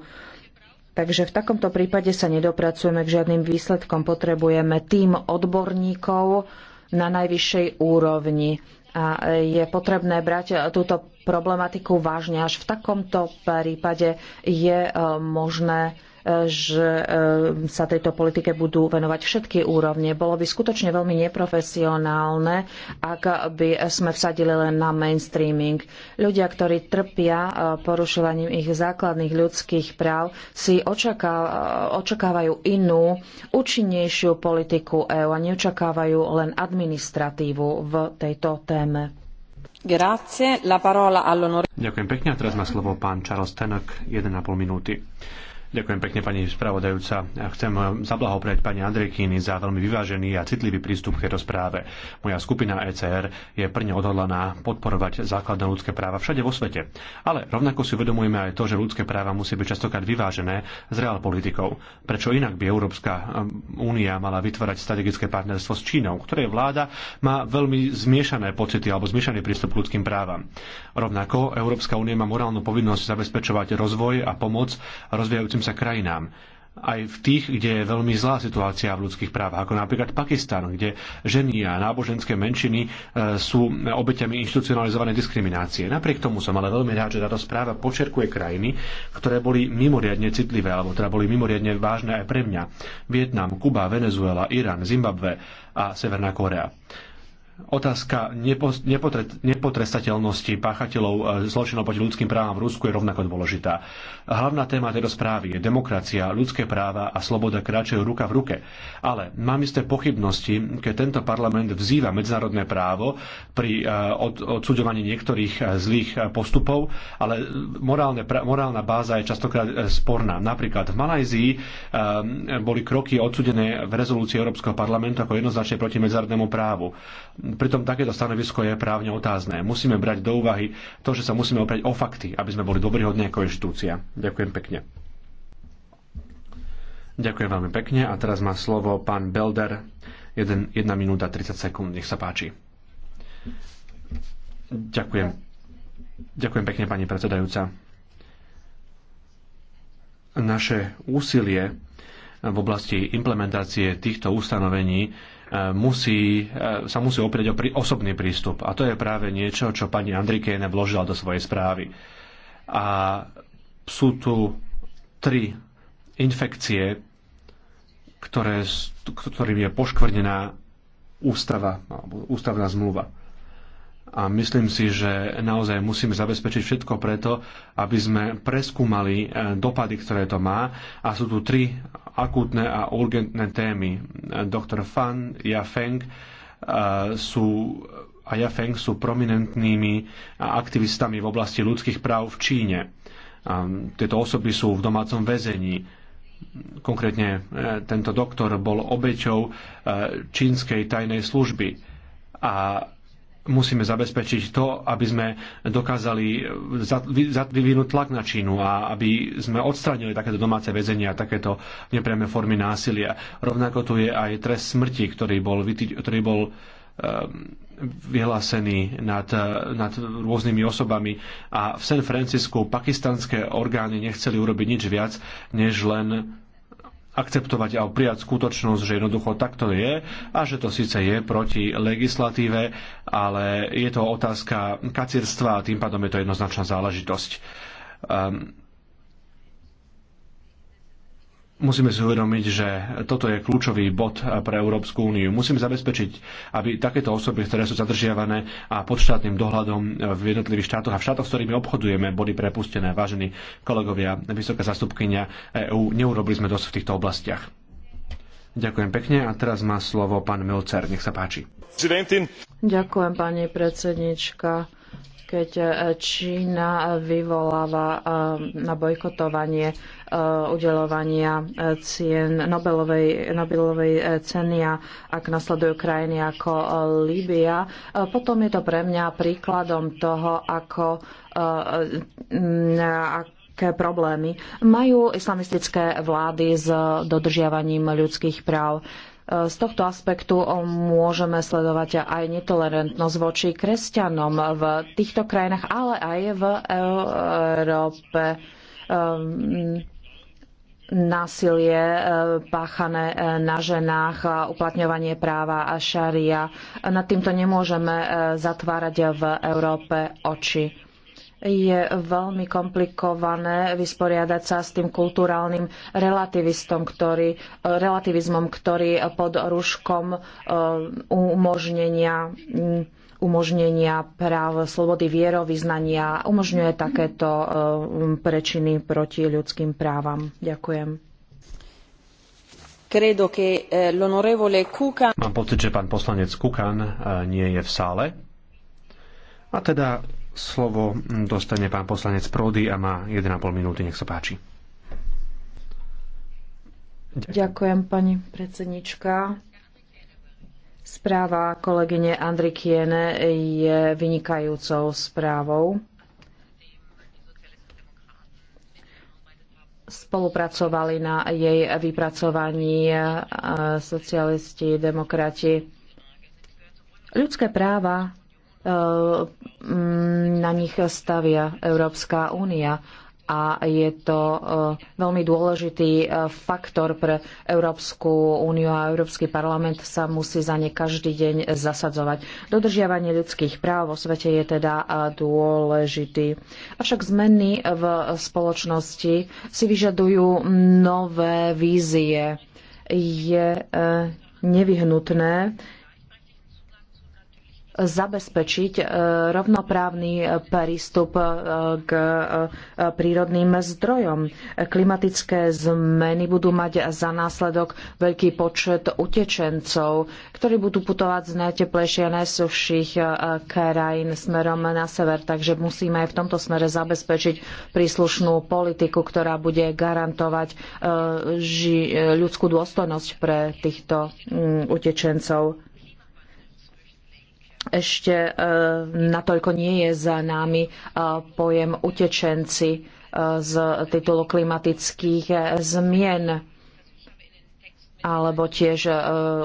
Takže v takomto prípade sa nedopracujeme k žiadnym výsledkom. Potrebujeme tým odborníkov na najvyššej úrovni. A e, je potrebné brať e, túto problematiku vážne. Až v takomto prípade je možné že ehm, sa tejto politike budú venovať všetky úrovne. Bolo by skutočne veľmi neprofesionálne, ak by sme vsadili len na mainstreaming. Ľudia, ktorí trpia eh, porušovaním ich základných ľudských práv, si očakávajú inú, účinnejšiu politiku EÚ a neočakávajú len administratívu v tejto téme. Ďakujem pekne a teraz má slovo pán Charles Tenok, 1,5 minúty. Ďakujem pekne, pani spravodajúca. Chcem zablahopreť pani Andrejkyni za veľmi vyvážený a citlivý prístup k tejto správe. Moja skupina ECR je plne odhodlaná podporovať základné ľudské práva všade vo svete. Ale rovnako si uvedomujeme aj to, že ľudské práva musí byť častokrát vyvážené s reál politikou. Prečo inak by Európska um, únia mala vytvárať strategické partnerstvo s Čínou, ktorej vláda má veľmi zmiešané pocity alebo zmiešaný prístup k ľudským právam. Rovnako Európska únia má morálnu povinnosť zabezpečovať rozvoj a pomoc rozvíjajúcim dokonca krajinám aj v tých, kde je veľmi zlá situácia v ľudských právach, ako napríklad Pakistan, kde ženy a náboženské menšiny e, sú obeťami institucionalizovanej diskriminácie. Napriek tomu som ale veľmi rád, že táto správa počerkuje krajiny, ktoré boli mimoriadne citlivé, alebo teda boli mimoriadne vážne aj pre mňa. Vietnam, Kuba, Venezuela, Irán, Zimbabwe a Severná Korea. Otázka nepotrestateľnosti páchateľov e, zločinov proti ľudským právam v Rusku je rovnako dôležitá. Hlavná téma tejto správy je demokracia, ľudské práva a sloboda kráčajú ruka v ruke. Ale mám isté pochybnosti, keď tento parlament vzýva medzinárodné právo pri e, odsudovaní niektorých e, zlých postupov, ale morálne, morálna báza je častokrát sporná. Napríklad v Malajzii boli kroky odsudené v rezolúcii Európskeho parlamentu ako jednoznačne proti medzinárodnému právu pritom takéto stanovisko je právne otázne. Musíme brať do úvahy to, že sa musíme oprieť o fakty, aby sme boli dôveryhodní ako inštitúcia. Ďakujem pekne. Ďakujem veľmi pekne a teraz má slovo pán Belder. 1, 1 minúta 30 sekúnd, nech sa páči. Ďakujem. Ďakujem pekne, pani predsedajúca. Naše úsilie v oblasti implementácie týchto ustanovení E, musí, e, sa musí oprieť o osobný prístup. A to je práve niečo, čo pani Andrikejne vložila do svojej správy. A sú tu tri infekcie, ktoré, ktorým je poškvrnená ústava, alebo ústavná zmluva. A myslím si, že naozaj musíme zabezpečiť všetko preto, aby sme preskúmali e, dopady, ktoré to má. A sú tu tri akútne a urgentné témy. Doktor Fan, Feng e, sú a Ja Feng sú prominentnými aktivistami v oblasti ľudských práv v Číne. Tieto osoby sú v domácom väzení. Konkrétne e, tento doktor bol obeťou čínskej tajnej služby a musíme zabezpečiť to, aby sme dokázali vyvinúť tlak na Čínu a aby sme odstránili takéto domáce väzenia, takéto nepriame formy násilia. Rovnako tu je aj trest smrti, ktorý bol, ktorý bol ehm, vyhlásený nad, nad rôznymi osobami a v San Francisku pakistanské orgány nechceli urobiť nič viac, než len akceptovať a prijať skutočnosť, že jednoducho takto je a že to síce je proti legislatíve, ale je to otázka kacierstva a tým pádom je to jednoznačná záležitosť. Um, Musíme si uvedomiť, že toto je kľúčový bod pre Európsku úniu. Musíme zabezpečiť, aby takéto osoby, ktoré sú zadržiavané a pod štátnym dohľadom v jednotlivých štátoch a v štátoch, s ktorými obchodujeme, boli prepustené. Vážení kolegovia, vysoká zastupkynia EÚ, neurobili sme dosť v týchto oblastiach. Ďakujem pekne a teraz má slovo pán Milcer. Nech sa páči. Ďakujem, pani predsednička keď e, Čína vyvoláva e, na bojkotovanie e, udelovania cien Nobelovej, Nobelovej ceny a ak nasledujú krajiny ako Líbia. Potom je to pre mňa príkladom toho, ako, aké problémy majú islamistické vlády s dodržiavaním ľudských práv. Z tohto aspektu môžeme sledovať aj netolerantnosť voči kresťanom v týchto krajinách, ale aj v Európe. Ehm, násilie ehm, páchané ehm, na ženách a uplatňovanie práva a šaria. Nad týmto nemôžeme zatvárať v Európe oči je veľmi komplikované vysporiadať sa s tým kulturálnym relativistom, ktorý, relativizmom, ktorý pod rúškom e, umožnenia umožnenia práv slobody vierovýznania umožňuje takéto e, prečiny proti ľudským právam. Ďakujem. E, Mám pocit, že pán poslanec Kukan nie je v sále. A teda Slovo dostane pán poslanec Prody a má 1,5 minúty. Nech sa páči. Ďakujem, pani predsednička. Správa kolegyne Andri Kiene je vynikajúcou správou. Spolupracovali na jej vypracovaní eh, socialisti, demokrati. Ľudské práva Eh, mm, na nich stavia Európska únia a je to eh, veľmi dôležitý eh, faktor pre Európsku úniu a Európsky parlament sa musí za ne každý deň zasadzovať. Dodržiavanie ľudských práv vo svete je teda dôležitý. Avšak zmeny v spoločnosti si vyžadujú nové vízie. Je nevyhnutné zabezpečiť e, rovnoprávny e, prístup e, k prírodným zdrojom. Klimatické zmeny budú mať za následok veľký počet utečencov, ktorí budú putovať z najteplejších a najsuchších krajín smerom na sever, takže musíme aj v tomto smere zabezpečiť príslušnú politiku, ktorá bude garantovať ľudskú dôstojnosť pre týchto utečencov ešte e, natoľko nie je za nami e, pojem utečenci e, z titulu klimatických zmien alebo tiež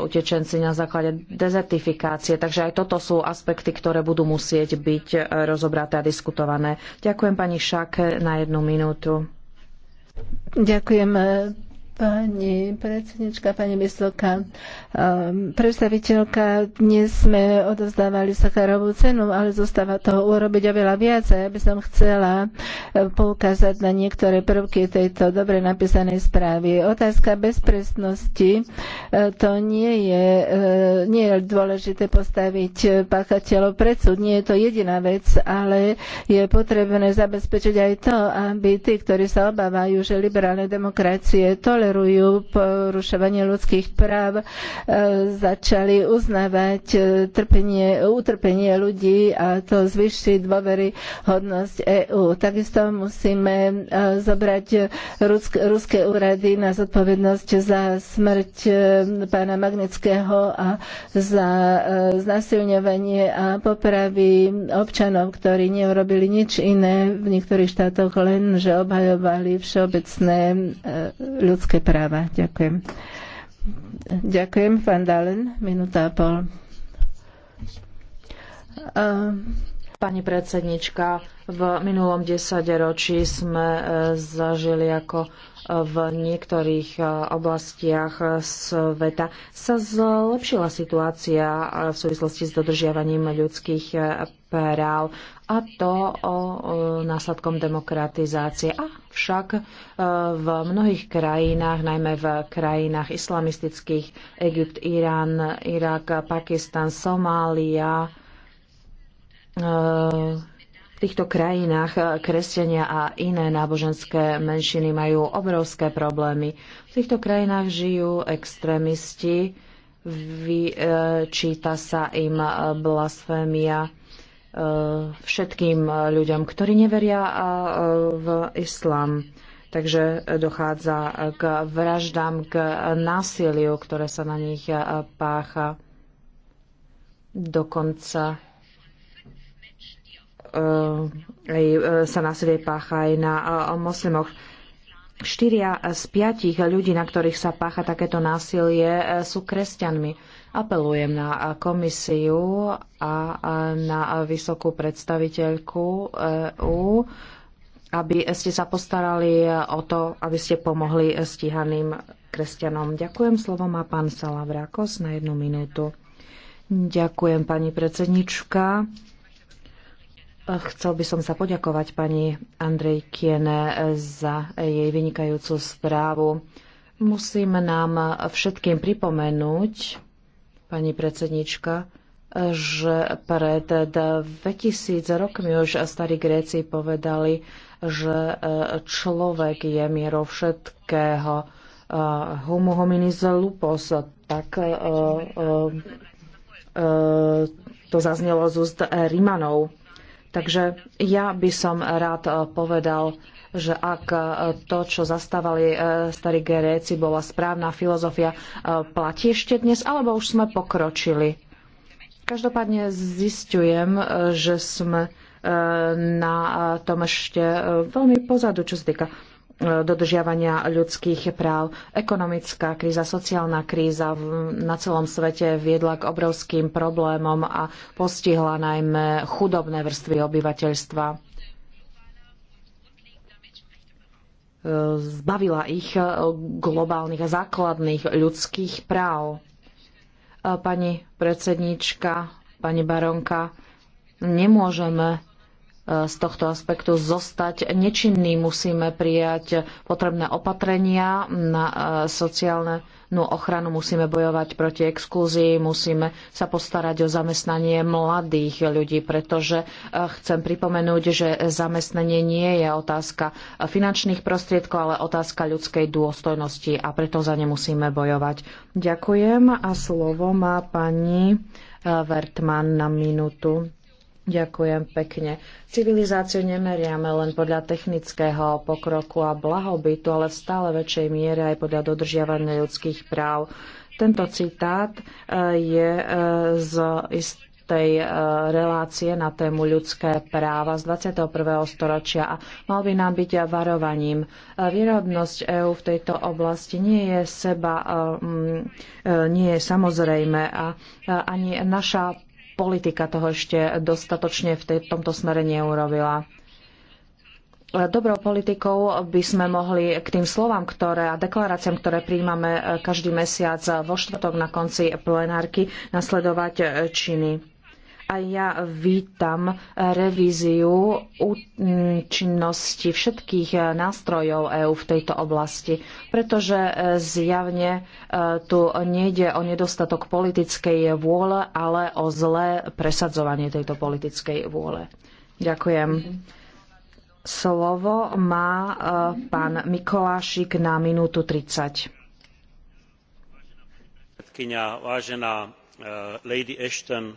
utečenci na základe dezertifikácie. Takže aj toto sú aspekty, ktoré budú musieť byť rozobraté a diskutované. Ďakujem pani Šak na jednu minútu. Ďakujem Pani predsednička, pani vysoká um, predstaviteľka, dnes sme odovzdávali Sacharovú cenu, ale zostáva toho urobiť oveľa viac a ja by som chcela eh, poukázať na niektoré prvky tejto dobre napísanej správy. Otázka bezpresnosti eh, to nie je, eh, nie je dôležité postaviť páchateľov pred súd, nie je to jediná vec, ale je potrebné zabezpečiť aj to, aby tí, ktorí sa obávajú, že liberálne demokracie to tolerujú porušovanie ľudských práv, e, začali uznávať e, trpenie, utrpenie ľudí a to zvyšší dôvery hodnosť EÚ. Takisto musíme e, zobrať ruské úrady na zodpovednosť za smrť pána Magnického a za znasilňovanie a popravy občanov, ktorí neurobili nič iné v niektorých štátoch, len že obhajovali všeobecné ľudské ľudské práva. Ďakujem. Ďakujem, pán Dalen. Minúta a pol. Pani predsednička, v minulom desaťročí sme e, zažili, ako v niektorých e, oblastiach sveta sa zlepšila situácia e, v súvislosti s dodržiavaním ľudských e, práv a to o následkom demokratizácie. A však v mnohých krajinách, najmä v krajinách islamistických, Egypt, Irán, Irak, Pakistan, Somália, týchto krajinách e, kresťania a iné náboženské menšiny majú obrovské problémy. V týchto krajinách žijú extrémisti, vyčíta sa im e, blasfémia e, všetkým ľuďom, ktorí neveria v islám. Takže dochádza k vraždám, k násiliu, ktoré sa na nich pácha. Dokonca Eh, aj, eh, sa násilie pácha aj na eh, moslimoch. Štyria z piatich ľudí, na ktorých sa pácha takéto násilie, sú kresťanmi. Apelujem na komisiu a na vysokú predstaviteľku EU, aby ste sa postarali o to, aby ste pomohli stíhaným kresťanom. Ďakujem. Slovo má pán Salavrakos na jednu minútu. Ďakujem, pani predsednička. Chcel by som sa poďakovať pani Andrej Kiene za jej vynikajúcu správu. Musím nám všetkým pripomenúť, pani predsednička, že pred 2000 rokmi už starí Gréci povedali, že e, človek je mierou všetkého. E, homo hominis lupus, tak e, to zaznelo z úst Rimanov. Takže ja by som rád eh, povedal, že ak eh, to, čo zastávali eh, starí Geréci, bola správna filozofia, platí ešte dnes, alebo už sme pokročili. Každopádne zistujem, že sme na tom ešte veľmi pozadu, čo sa týka dodržiavania ľudských práv. Ekonomická kríza, sociálna kríza na celom svete viedla k obrovským problémom a postihla najmä chudobné vrstvy obyvateľstva. Zbavila ich globálnych a základných ľudských práv. Pani predsedníčka, pani baronka, nemôžeme E, z tohto aspektu zostať nečinný. Musíme prijať potrebné opatrenia na e, sociálnu ochranu, musíme bojovať proti exkluzii, musíme sa postarať o zamestnanie mladých ľudí, pretože e, chcem pripomenúť, že zamestnanie nie je otázka finančných prostriedkov, ale otázka ľudskej dôstojnosti a preto za ne musíme bojovať. Ďakujem a slovo má pani Vertman na minútu. Ďakujem pekne. Civilizáciu nemeriame len podľa technického pokroku a blahobytu, ale v stále väčšej miere aj podľa dodržiavania ľudských práv. Tento citát e, je e, z tej e, relácie na tému ľudské práva z 21. storočia a mal by nám byť varovaním. Výrobnosť EÚ v tejto oblasti nie je seba, nie je samozrejme a ani naša politika toho ešte dostatočne v tomto smere neurobila. Dobrou politikou by sme mohli k tým slovám ktoré, a deklaráciám, ktoré príjmame eh, každý mesiac vo štvrtok na konci plenárky, nasledovať eh, činy aj ja vítam eh, revíziu účinnosti všetkých eh, nástrojov EÚ v tejto oblasti, pretože eh, zjavne tu nejde o nedostatok politickej vôle, ale o zlé presadzovanie tejto politickej vôle. Ďakujem. Slovo má pán Mikolášik na minútu 30. Vážená Lady Ashton,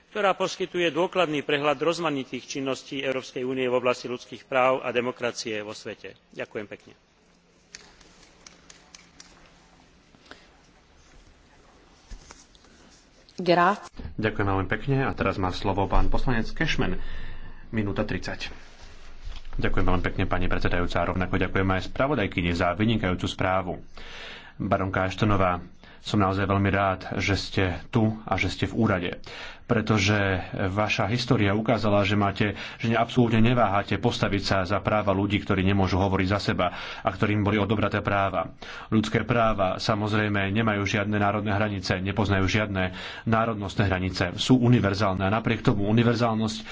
ktorá poskytuje dôkladný prehľad rozmanitých činností európskej únie v oblasti ľudských práv a demokracie vo svete. ďakujem pekne. Ďakujem veľmi pekne a teraz má slovo pán poslanec Cashman. Minúta 30. Ďakujem veľmi pekne, pani predsedajúca, a rovnako ďakujem aj spravodajkyni za vynikajúcu správu. Baronka Aštonová, som naozaj veľmi rád, že ste tu a že ste v úrade pretože vaša história ukázala, že máte, že absolútne neváhate postaviť sa za práva ľudí, ktorí nemôžu hovoriť za seba a ktorým boli odobraté práva. Ľudské práva samozrejme nemajú žiadne národné hranice, nepoznajú žiadne národnostné hranice, sú univerzálne a napriek tomu univerzálnosť e,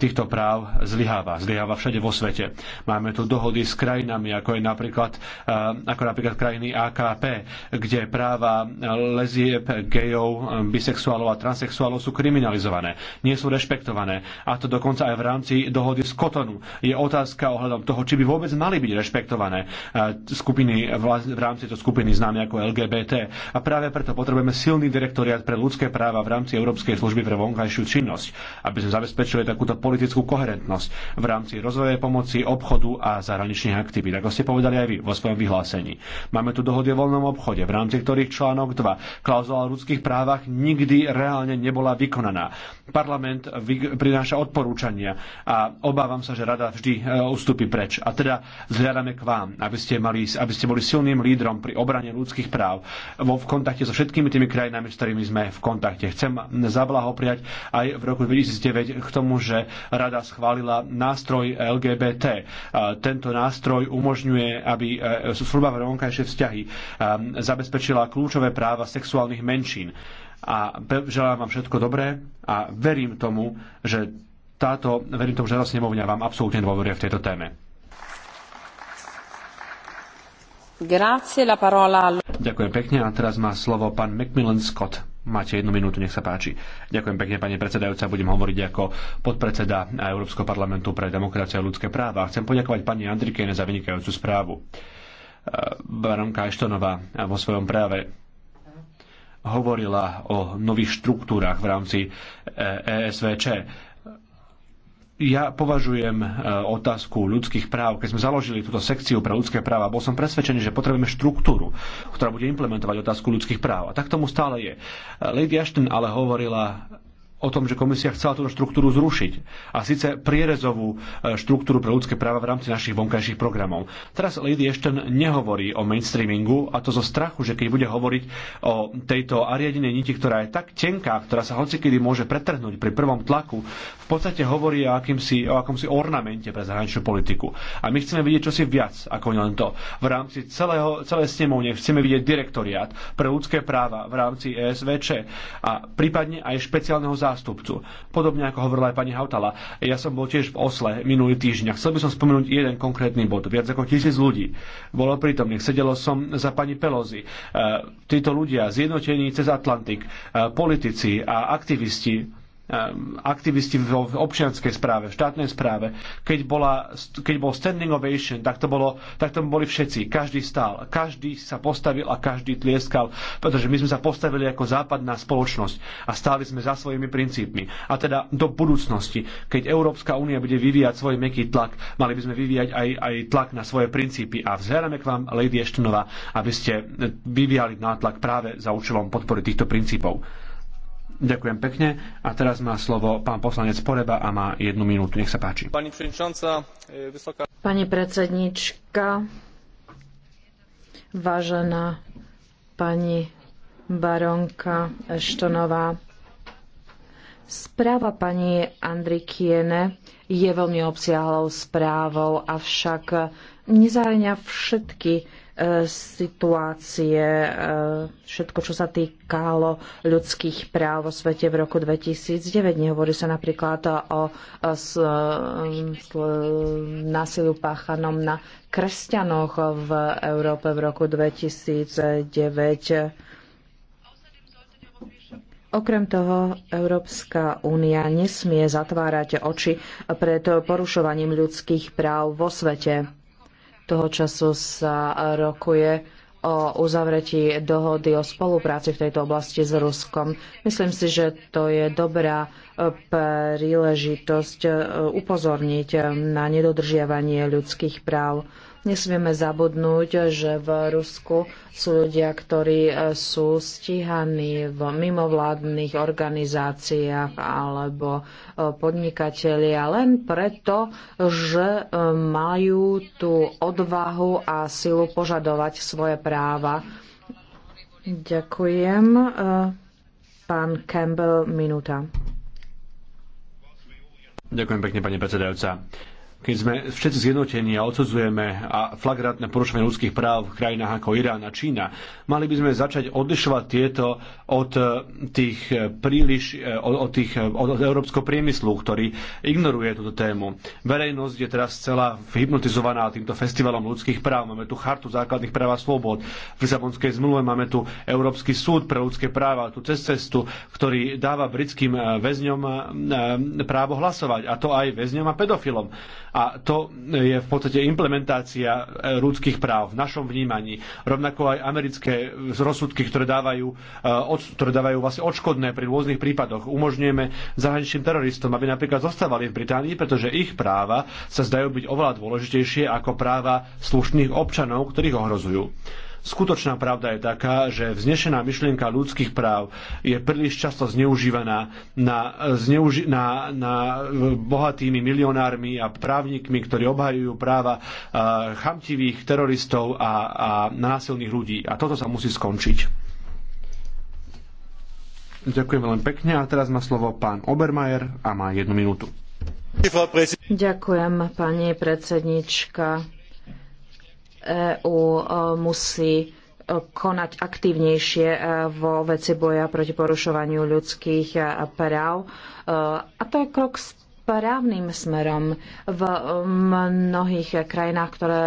týchto práv zlyháva. Zlyháva všade vo svete. Máme tu dohody s krajinami, ako je napríklad, e, ako napríklad krajiny AKP, kde práva e, lezieb, gejov, bisexuálov a transexuálov sú kriminálne marginalizované, nie sú rešpektované. A to dokonca aj v rámci dohody z Kotonu. Je otázka ohľadom toho, či by vôbec mali byť rešpektované e, skupiny v rámci to skupiny známe ako LGBT. A práve preto potrebujeme silný direktoriát pre ľudské práva v rámci Európskej služby pre vonkajšiu činnosť, aby sme zabezpečili takúto politickú koherentnosť v rámci rozvojovej pomoci, obchodu a zahraničných aktivít, ako ste povedali aj vy vo svojom vyhlásení. Máme tu dohody o voľnom obchode, v rámci ktorých článok 2 klauzula o ľudských právach nikdy reálne nebola vykonaná konaná. Parlament prináša odporúčania a obávam sa, že rada vždy e, ustúpi preč. A teda zhľadáme k vám, aby ste, mali, aby ste boli silným lídrom pri obrane ľudských práv vo, v kontakte so všetkými tými krajinami, s ktorými sme v kontakte. Chcem zablahopriať aj v roku 2009 k tomu, že rada schválila nástroj LGBT. Tento nástroj umožňuje, aby e, služba pre vonkajšie vzťahy e, zabezpečila kľúčové práva sexuálnych menšín a želám vám všetko dobré a verím tomu, že táto, verím tomu, že nemovňa vám absolútne dôveruje v tejto téme. Grazie, la parola... Ďakujem pekne a teraz má slovo pán Macmillan Scott. Máte jednu minútu, nech sa páči. Ďakujem pekne, pani predsedajúca. Budem hovoriť ako podpredseda Európskeho parlamentu pre demokraciu a ľudské práva. Chcem poďakovať pani Andrikene za vynikajúcu správu. Eh, baronka Eštonová vo svojom práve hovorila o nových štruktúrach v rámci ESVČ. E ja považujem e, otázku ľudských práv, keď sme založili túto sekciu pre ľudské práva, bol som presvedčený, že potrebujeme štruktúru, ktorá bude implementovať otázku ľudských práv. A tak tomu stále je. Lady Ashton ale hovorila o tom, že komisia chcela túto štruktúru zrušiť. A síce prierezovú e, štruktúru pre ľudské práva v rámci našich vonkajších programov. Teraz Lady Ashton nehovorí o mainstreamingu a to zo strachu, že keď bude hovoriť o tejto ariadenej niti, ktorá je tak tenká, ktorá sa hocikedy môže pretrhnúť pri prvom tlaku, v podstate hovorí o, akýmsi, o akomsi ornamente pre zahraničnú politiku. A my chceme vidieť čosi viac ako len to. V rámci celého, celé snemovne chceme vidieť direktoriát pre ľudské práva v rámci ESVČ a prípadne aj špeciálneho zástupcu. Podobne ako hovorila aj pani Hautala, ja som bol tiež v Osle minulý týždeň. Chcel by som spomenúť jeden konkrétny bod. Viac ako tisíc ľudí bolo prítomných. Sedelo som za pani Pelozy. E, títo ľudia zjednotení cez Atlantik, e, politici a aktivisti Um, aktivisti vo občianskej správe, v štátnej správe, keď, bola, keď bol standing ovation, tak to, bolo, tak to boli všetci, každý stál, každý sa postavil a každý tlieskal, pretože my sme sa postavili ako západná spoločnosť a stáli sme za svojimi princípmi. A teda do budúcnosti, keď Európska únia bude vyvíjať svoj meký tlak, mali by sme vyvíjať aj, aj tlak na svoje princípy a vzhľadáme k vám, Lady Eštonová, aby ste vyvíjali nátlak práve za účelom podpory týchto princípov. Ďakujem pekne. A teraz má slovo pán poslanec Poreba a má jednu minútu. Nech sa páči. Pani e, predsednička, vážená pani baronka Eštonová, správa pani Andrikiene je veľmi obsiahlou správou, avšak nezahrania všetky situácie, e, všetko, čo sa týkalo ľudských práv vo svete v roku 2009. Nehovorí sa napríklad o e, e, násilu páchanom na kresťanoch v Európe v roku 2009. Okrem toho, Európska únia nesmie zatvárať oči pred porušovaním ľudských práv vo svete toho času sa rokuje o uzavretí dohody o spolupráci v tejto oblasti s Ruskom. Myslím si, že to je dobrá e, príležitosť e, upozorniť e, na nedodržiavanie ľudských práv Nesmieme zabudnúť, že v Rusku sú ľudia, ktorí e, sú stíhaní v mimovládnych organizáciách alebo e, podnikatelia len preto, že e, majú tú odvahu a silu požadovať svoje práva. Ďakujem. Pán Campbell, minúta. Ďakujem pekne, pani predsedajúca keď sme všetci zjednotení a odsudzujeme a flagrantné porušovanie ľudských práv v krajinách ako Irán a Čína, mali by sme začať odlišovať tieto od eh, tých eh, príliš, eh, od, od, tých, od, od európskeho priemyslu, ktorý ignoruje túto tému. Verejnosť je teraz celá hypnotizovaná týmto festivalom ľudských práv. Máme tu chartu základných práv a slobod. V Lisabonskej zmluve máme tu Európsky súd pre ľudské práva, tú cez cestu, ktorý dáva britským väzňom právo hlasovať, a to aj väzňom a pedofilom a to je v podstate implementácia e, ľudských práv v našom vnímaní. Rovnako aj americké rozsudky, ktoré dávajú, e, ktoré dávajú vlastne odškodné pri rôznych prípadoch. Umožňujeme zahraničným teroristom, aby napríklad zostávali v Británii, pretože ich práva sa zdajú byť oveľa dôležitejšie ako práva slušných občanov, ktorých ohrozujú. Skutočná pravda je taká, že vznešená myšlienka ľudských práv je príliš často zneužívaná na, zneuži- na, na bohatými milionármi a právnikmi, ktorí obhajujú práva chamtivých teroristov a, a násilných ľudí. A toto sa musí skončiť. Ďakujem veľmi pekne a teraz má slovo pán Obermajer a má jednu minútu. Ďakujem, pani predsednička. EÚ e, musí e, konať aktívnejšie e, vo veci boja proti porušovaniu ľudských práv. A to je krok správnym smerom. V mnohých krajinách, ktoré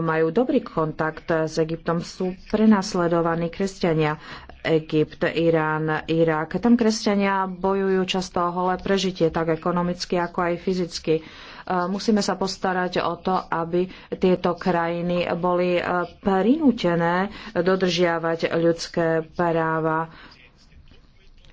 majú dobrý kontakt s Egyptom, sú prenasledovaní kresťania. Egypt, Irán, Irak. Tam kresťania bojujú často o holé prežitie, tak ekonomicky ako aj fyzicky. Musíme sa postarať o to, aby tieto krajiny boli eh, prinútené dodržiavať ľudské práva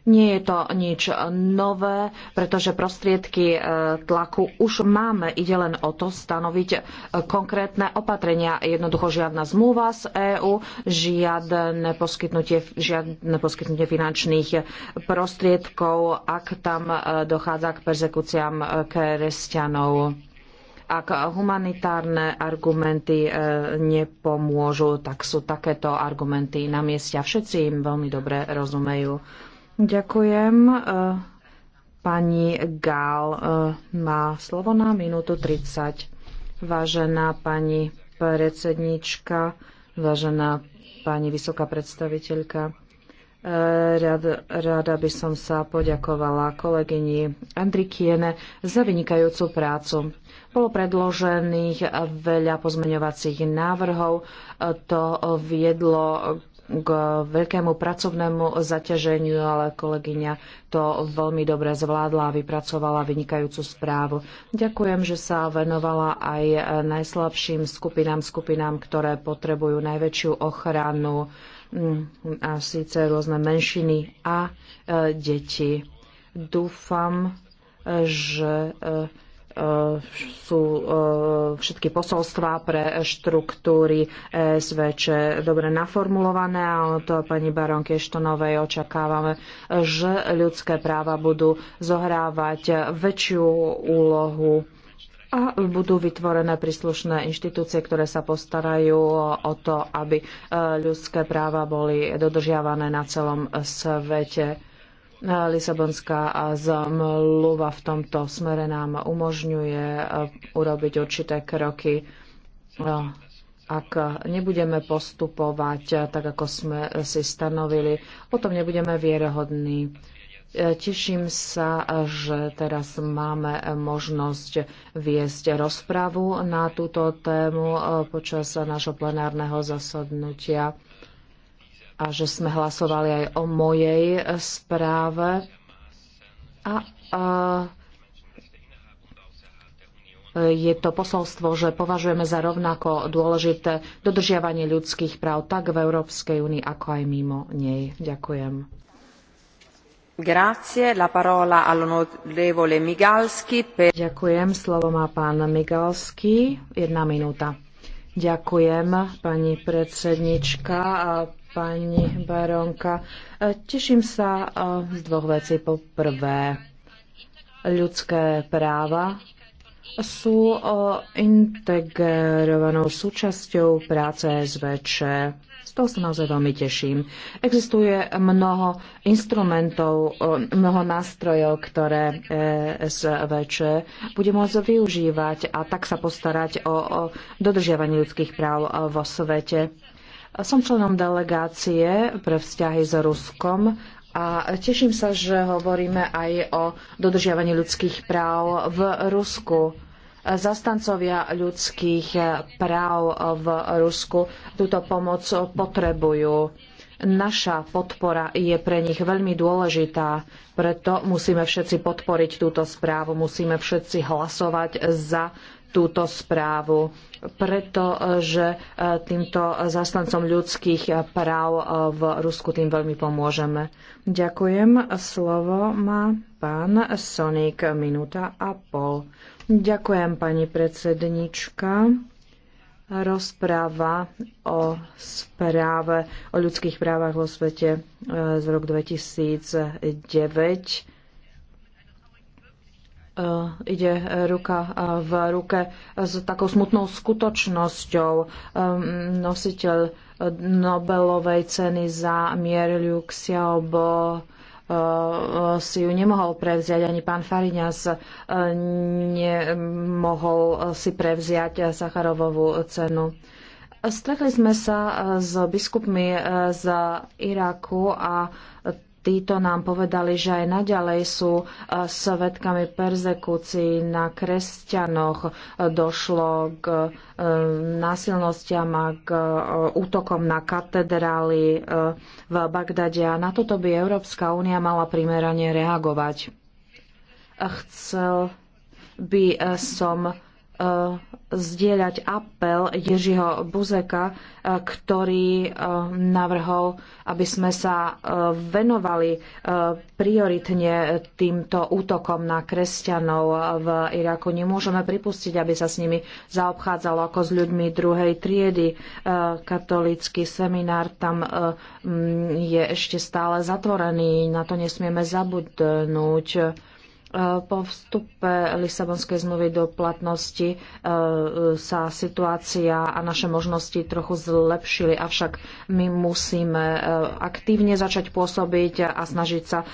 nie je to nič nové, pretože prostriedky e, tlaku už máme. Ide len o to stanoviť e, konkrétne opatrenia. Jednoducho žiadna zmluva z EÚ, žiadne poskytnutie, žiadne poskytnutie finančných prostriedkov, ak tam e, dochádza k persekúciám kresťanov. Ak humanitárne argumenty nepomôžu, tak sú takéto argumenty na mieste a všetci im veľmi dobre rozumejú. Ďakujem. E, pani Gál e, má slovo na minútu 30. Vážená pani predsednička, vážená pani vysoká predstaviteľka, e, Rada, rada by som sa poďakovala kolegyni Andrikiene za vynikajúcu prácu. Bolo predložených veľa pozmeňovacích návrhov. To viedlo k veľkému pracovnému zaťaženiu, ale kolegyňa to veľmi dobre zvládla a vypracovala vynikajúcu správu. Ďakujem, že sa venovala aj najslabším skupinám, skupinám, ktoré potrebujú najväčšiu ochranu, mm, a síce rôzne menšiny a e, deti. Dúfam, že e, sú e, všetky posolstvá pre štruktúry SVČ dobre naformulované a od pani baronky Štonovej očakávame, že ľudské práva budú zohrávať väčšiu úlohu a budú vytvorené príslušné inštitúcie, ktoré sa postarajú o to, aby e, ľudské práva boli dodržiavané na celom svete Lisabonská zmluva v tomto smere nám umožňuje eh, urobiť určité kroky. Eh, ak nebudeme postupovať eh, tak, ako sme si stanovili, potom nebudeme vierohodní. Teším sa, že teraz máme možnosť viesť rozpravu na túto tému počas nášho plenárneho zasadnutia a že sme hlasovali aj o mojej e, správe. A, a e, je to posolstvo, že považujeme za rovnako dôležité dodržiavanie ľudských práv tak v Európskej únii, ako aj mimo nej. Ďakujem. Grazie, la parola all'onorevole Migalski. Per... Ďakujem, slovo má pán Migalski. Jedna minúta. Ďakujem, pani predsednička pani Baronka. E, teším sa e, z dvoch vecí. Po prvé, ľudské práva sú e, integrovanou súčasťou práce SVČ. Z toho sa naozaj veľmi teším. Existuje mnoho instrumentov, mnoho nástrojov, ktoré SVČ bude môcť využívať a tak sa postarať o, o dodržiavanie ľudských práv vo svete. Som členom delegácie pre vzťahy s Ruskom a teším sa, že hovoríme aj o dodržiavaní ľudských práv v Rusku zastancovia ľudských práv v Rusku túto pomoc potrebujú. Naša podpora je pre nich veľmi dôležitá, preto musíme všetci podporiť túto správu, musíme všetci hlasovať za túto správu, pretože e, týmto zastancom ľudských e, práv e, v Rusku tým veľmi pomôžeme. Ďakujem. Slovo má pán Sonik, minúta a pol. Ďakujem, pani predsednička. Rozpráva o správe o ľudských právach vo svete z roku 2009 Eh, ide ruka eh, v ruke s takou smutnou skutočnosťou. Nositeľ eh, Nobelovej ceny za mier Liu Xiaobo si ju nemohol prevziať, ani pán Fariňas nemohol si prevziať Sacharovovú cenu. Stretli sme sa s biskupmi z Iraku a Títo nám povedali, že aj naďalej sú e, svetkami perzekúcií na kresťanoch. E, došlo k e, násilnostiam a k útokom na katedrály v Bagdade a na toto by Európska únia mala primerane reagovať. Chcel by som E, zdieľať apel Ježiho Buzeka, e, ktorý e, navrhol, aby sme sa venovali prioritne týmto útokom na kresťanov v Iraku. Nemôžeme pripustiť, aby sa s nimi zaobchádzalo ako s ľuďmi druhej triedy. Katolický seminár tam je ešte stále zatvorený, na to nesmieme zabudnúť po vstupe Lisabonskej zmluvy do platnosti e, sa situácia a naše možnosti trochu zlepšili, avšak my musíme e, aktívne začať pôsobiť a snažiť sa e,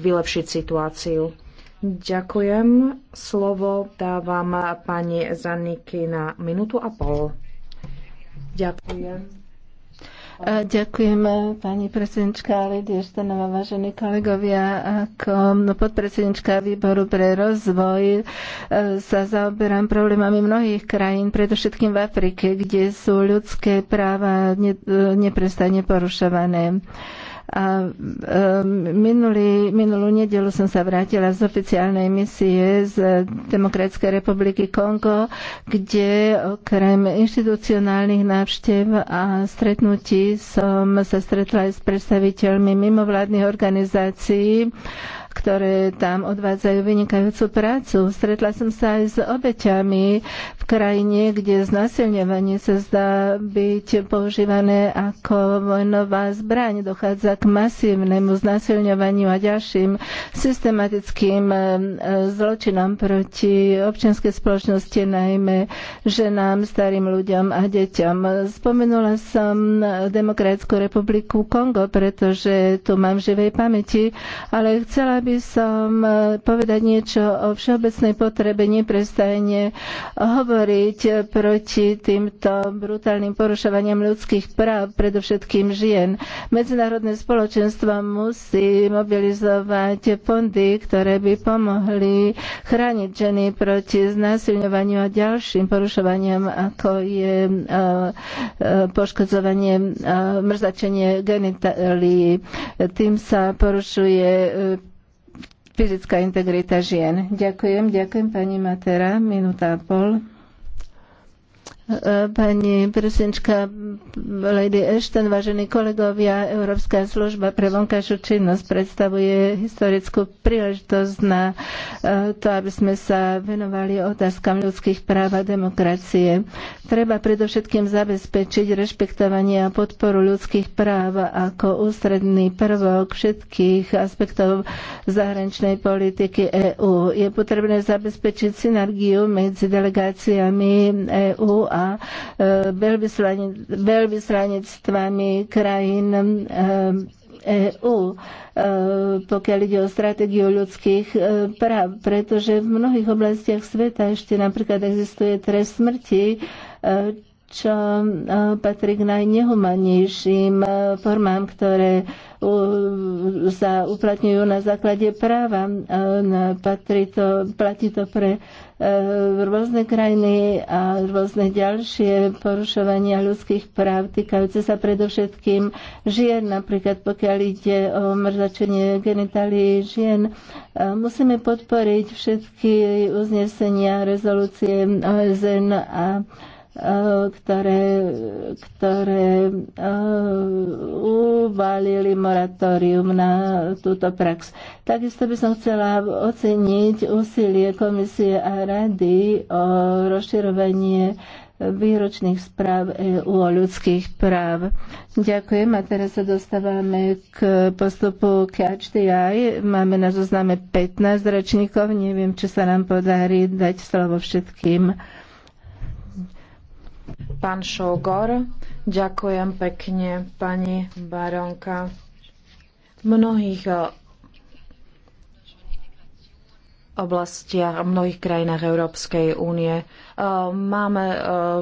vylepšiť situáciu. Ďakujem. Slovo dávam pani Zaniky na minútu a pol. Ďakujem. Ďakujem, pani predsednička Lidia Štanová, vážení kolegovia. Ako podpredsednička výboru pre rozvoj e, sa zaoberám problémami mnohých krajín, predovšetkým v Afrike, kde sú ľudské práva e, neprestane porušované. A minulý, minulú nedelu som sa vrátila z oficiálnej misie z Demokratickej republiky Kongo, kde okrem inštitucionálnych návštev a stretnutí som sa stretla aj s predstaviteľmi mimovládnych organizácií, ktoré tam odvádzajú vynikajúcu prácu. Stretla som sa aj s obeťami v krajine, kde znasilňovanie sa zdá byť používané ako vojnová zbraň. Dochádza k masívnemu znasilňovaniu a ďalším systematickým e, zločinom proti občianskej spoločnosti, najmä ženám, starým ľuďom a deťom. Spomenula som Demokratickú republiku Kongo, pretože tu mám živej pamäti, ale chcela by som e, povedať niečo o všeobecnej potrebe neprestajne hovoriť proti týmto brutálnym porušovaniam ľudských práv, predovšetkým žien. Medzinárodné spoločenstvo musí mobilizovať fondy, ktoré by pomohli chrániť ženy proti znásilňovaniu a ďalším porušovaniam, ako je e, e, poškodzovanie, mrzačenie genitálií. Tým sa porušuje fyzická integrita žien. Ďakujem, ďakujem pani Matera, minúta a pol. Pani prezidentka Lady Ashton, vážení kolegovia, Európska služba pre vonkajšiu činnosť predstavuje historickú príležitosť na e, to, aby sme sa venovali otázkam ľudských práv a demokracie. Treba predovšetkým zabezpečiť rešpektovanie a podporu ľudských práv ako ústredný prvok všetkých aspektov zahraničnej politiky EÚ. Je potrebné zabezpečiť synergiu medzi delegáciami EÚ a a e, veľvyslanectvami krajín EU, e e, pokiaľ ide o stratégiu ľudských práv, pretože v mnohých oblastiach sveta ešte napríklad existuje trest smrti, čo e, patrí k najnehumanejším e, formám, ktoré sa uplatňujú na základe práva. E, patrí to, platí to pre rôzne krajiny a rôzne ďalšie porušovania ľudských práv týkajúce sa predovšetkým žien, napríklad pokiaľ ide o mrzačenie genitálií žien. Musíme podporiť všetky uznesenia, rezolúcie OSN a Eh, ktoré, ktoré eh, uvalili moratórium na túto prax. Takisto by som chcela oceniť úsilie komisie a rady o rozširovanie výročných správ EU o ľudských práv. Ďakujem a teraz sa dostávame k postupu Catch Máme na zozname 15 rečníkov. Neviem, či sa nám podarí dať slovo všetkým pán Šogor. Ďakujem pekne, pani baronka. V mnohých eh, oblastiach, mnohých krajinách Európskej únie eh, máme eh,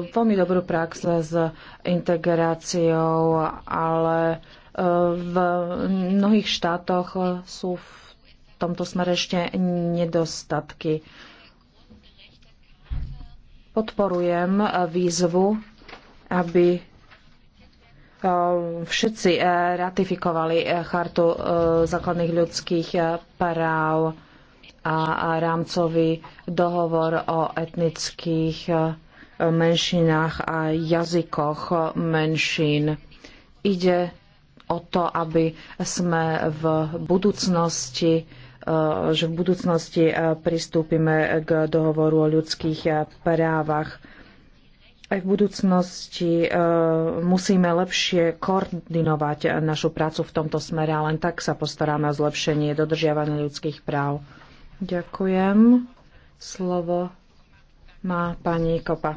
veľmi dobrú prax s integráciou, ale v mnohých štátoch sú v tomto smere ešte nedostatky podporujem eh, výzvu, aby eh, všetci eh, ratifikovali chartu základných ľudských práv a rámcový dohovor o etnických menšinách a jazykoch menšín. Ide o to, aby sme v budúcnosti Eh, že v budúcnosti eh, pristúpime k dohovoru o ľudských eh, právach. Aj v budúcnosti musíme lepšie koordinovať našu prácu v tomto smere a len tak sa postaráme o zlepšenie dodržiavania ľudských práv. Ďakujem. Slovo má pani Kopa.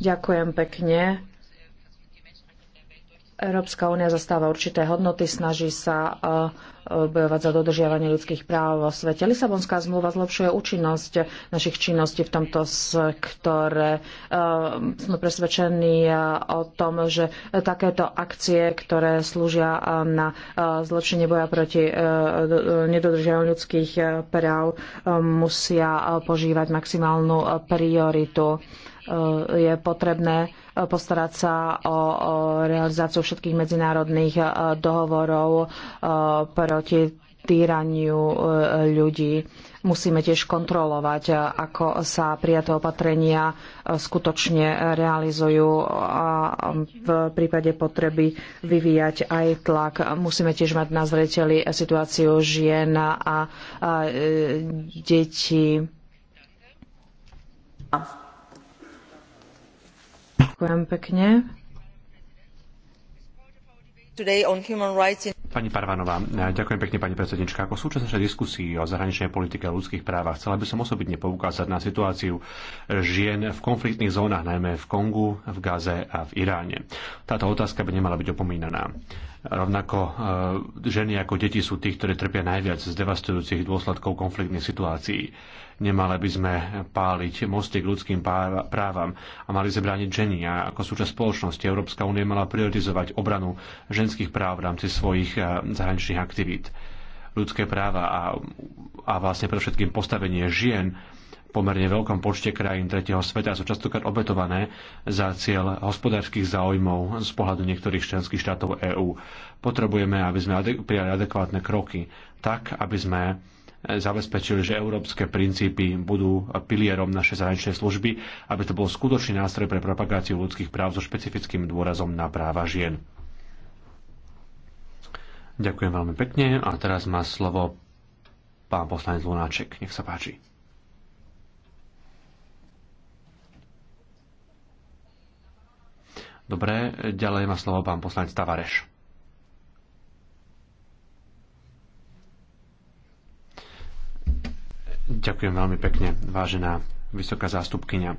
Ďakujem pekne. Európska únia zastáva určité hodnoty, snaží sa bojovať za dodržiavanie ľudských práv vo svete. Lisabonská zmluva zlepšuje účinnosť našich činností v tomto sektore. E, sme presvedčení e, o tom, že takéto akcie, ktoré slúžia e, na zlepšenie boja proti nedodržiavaniu ľudských práv, musia požívať maximálnu prioritu je potrebné postarať sa o realizáciu všetkých medzinárodných dohovorov pre proti týraniu e, ľudí. Musíme tiež kontrolovať, e, ako sa prijaté opatrenia e, skutočne realizujú a v prípade potreby vyvíjať aj tlak. Musíme tiež mať na zreteli situáciu žien a detí. Ďakujem pekne. Pani Parvanová, ďakujem pekne, pani predsednička. Ako súčasť našej diskusie o zahraničnej politike a ľudských právach chcela by som osobitne poukázať na situáciu žien v konfliktných zónach, najmä v Kongu, v Gaze a v Iráne. Táto otázka by nemala byť opomínaná. Rovnako e, ženy ako deti sú tí, ktorí trpia najviac z devastujúcich dôsledkov konfliktných situácií. Nemali by sme páliť mosty k ľudským právam a mali zabrániť ženy. A ako súčasť spoločnosti Európska únie mala prioritizovať obranu ženských práv v rámci svojich eh, zahraničných aktivít. Ľudské práva a, a vlastne všetkým postavenie žien pomerne veľkom počte krajín tretieho sveta sú častokrát obetované za cieľ hospodárskych záujmov z pohľadu niektorých členských štátov EÚ. Potrebujeme, aby sme adek- prijali adekvátne kroky, tak aby sme zabezpečili, že európske princípy budú pilierom našej zahraničnej služby, aby to bol skutočný nástroj pre propagáciu ľudských práv so špecifickým dôrazom na práva žien. Ďakujem veľmi pekne a teraz má slovo pán poslanec Lunáček. Nech sa páči. Dobre, ďalej má slovo pán poslanec Tavareš. Ďakujem veľmi pekne, vážená vysoká zástupkynia.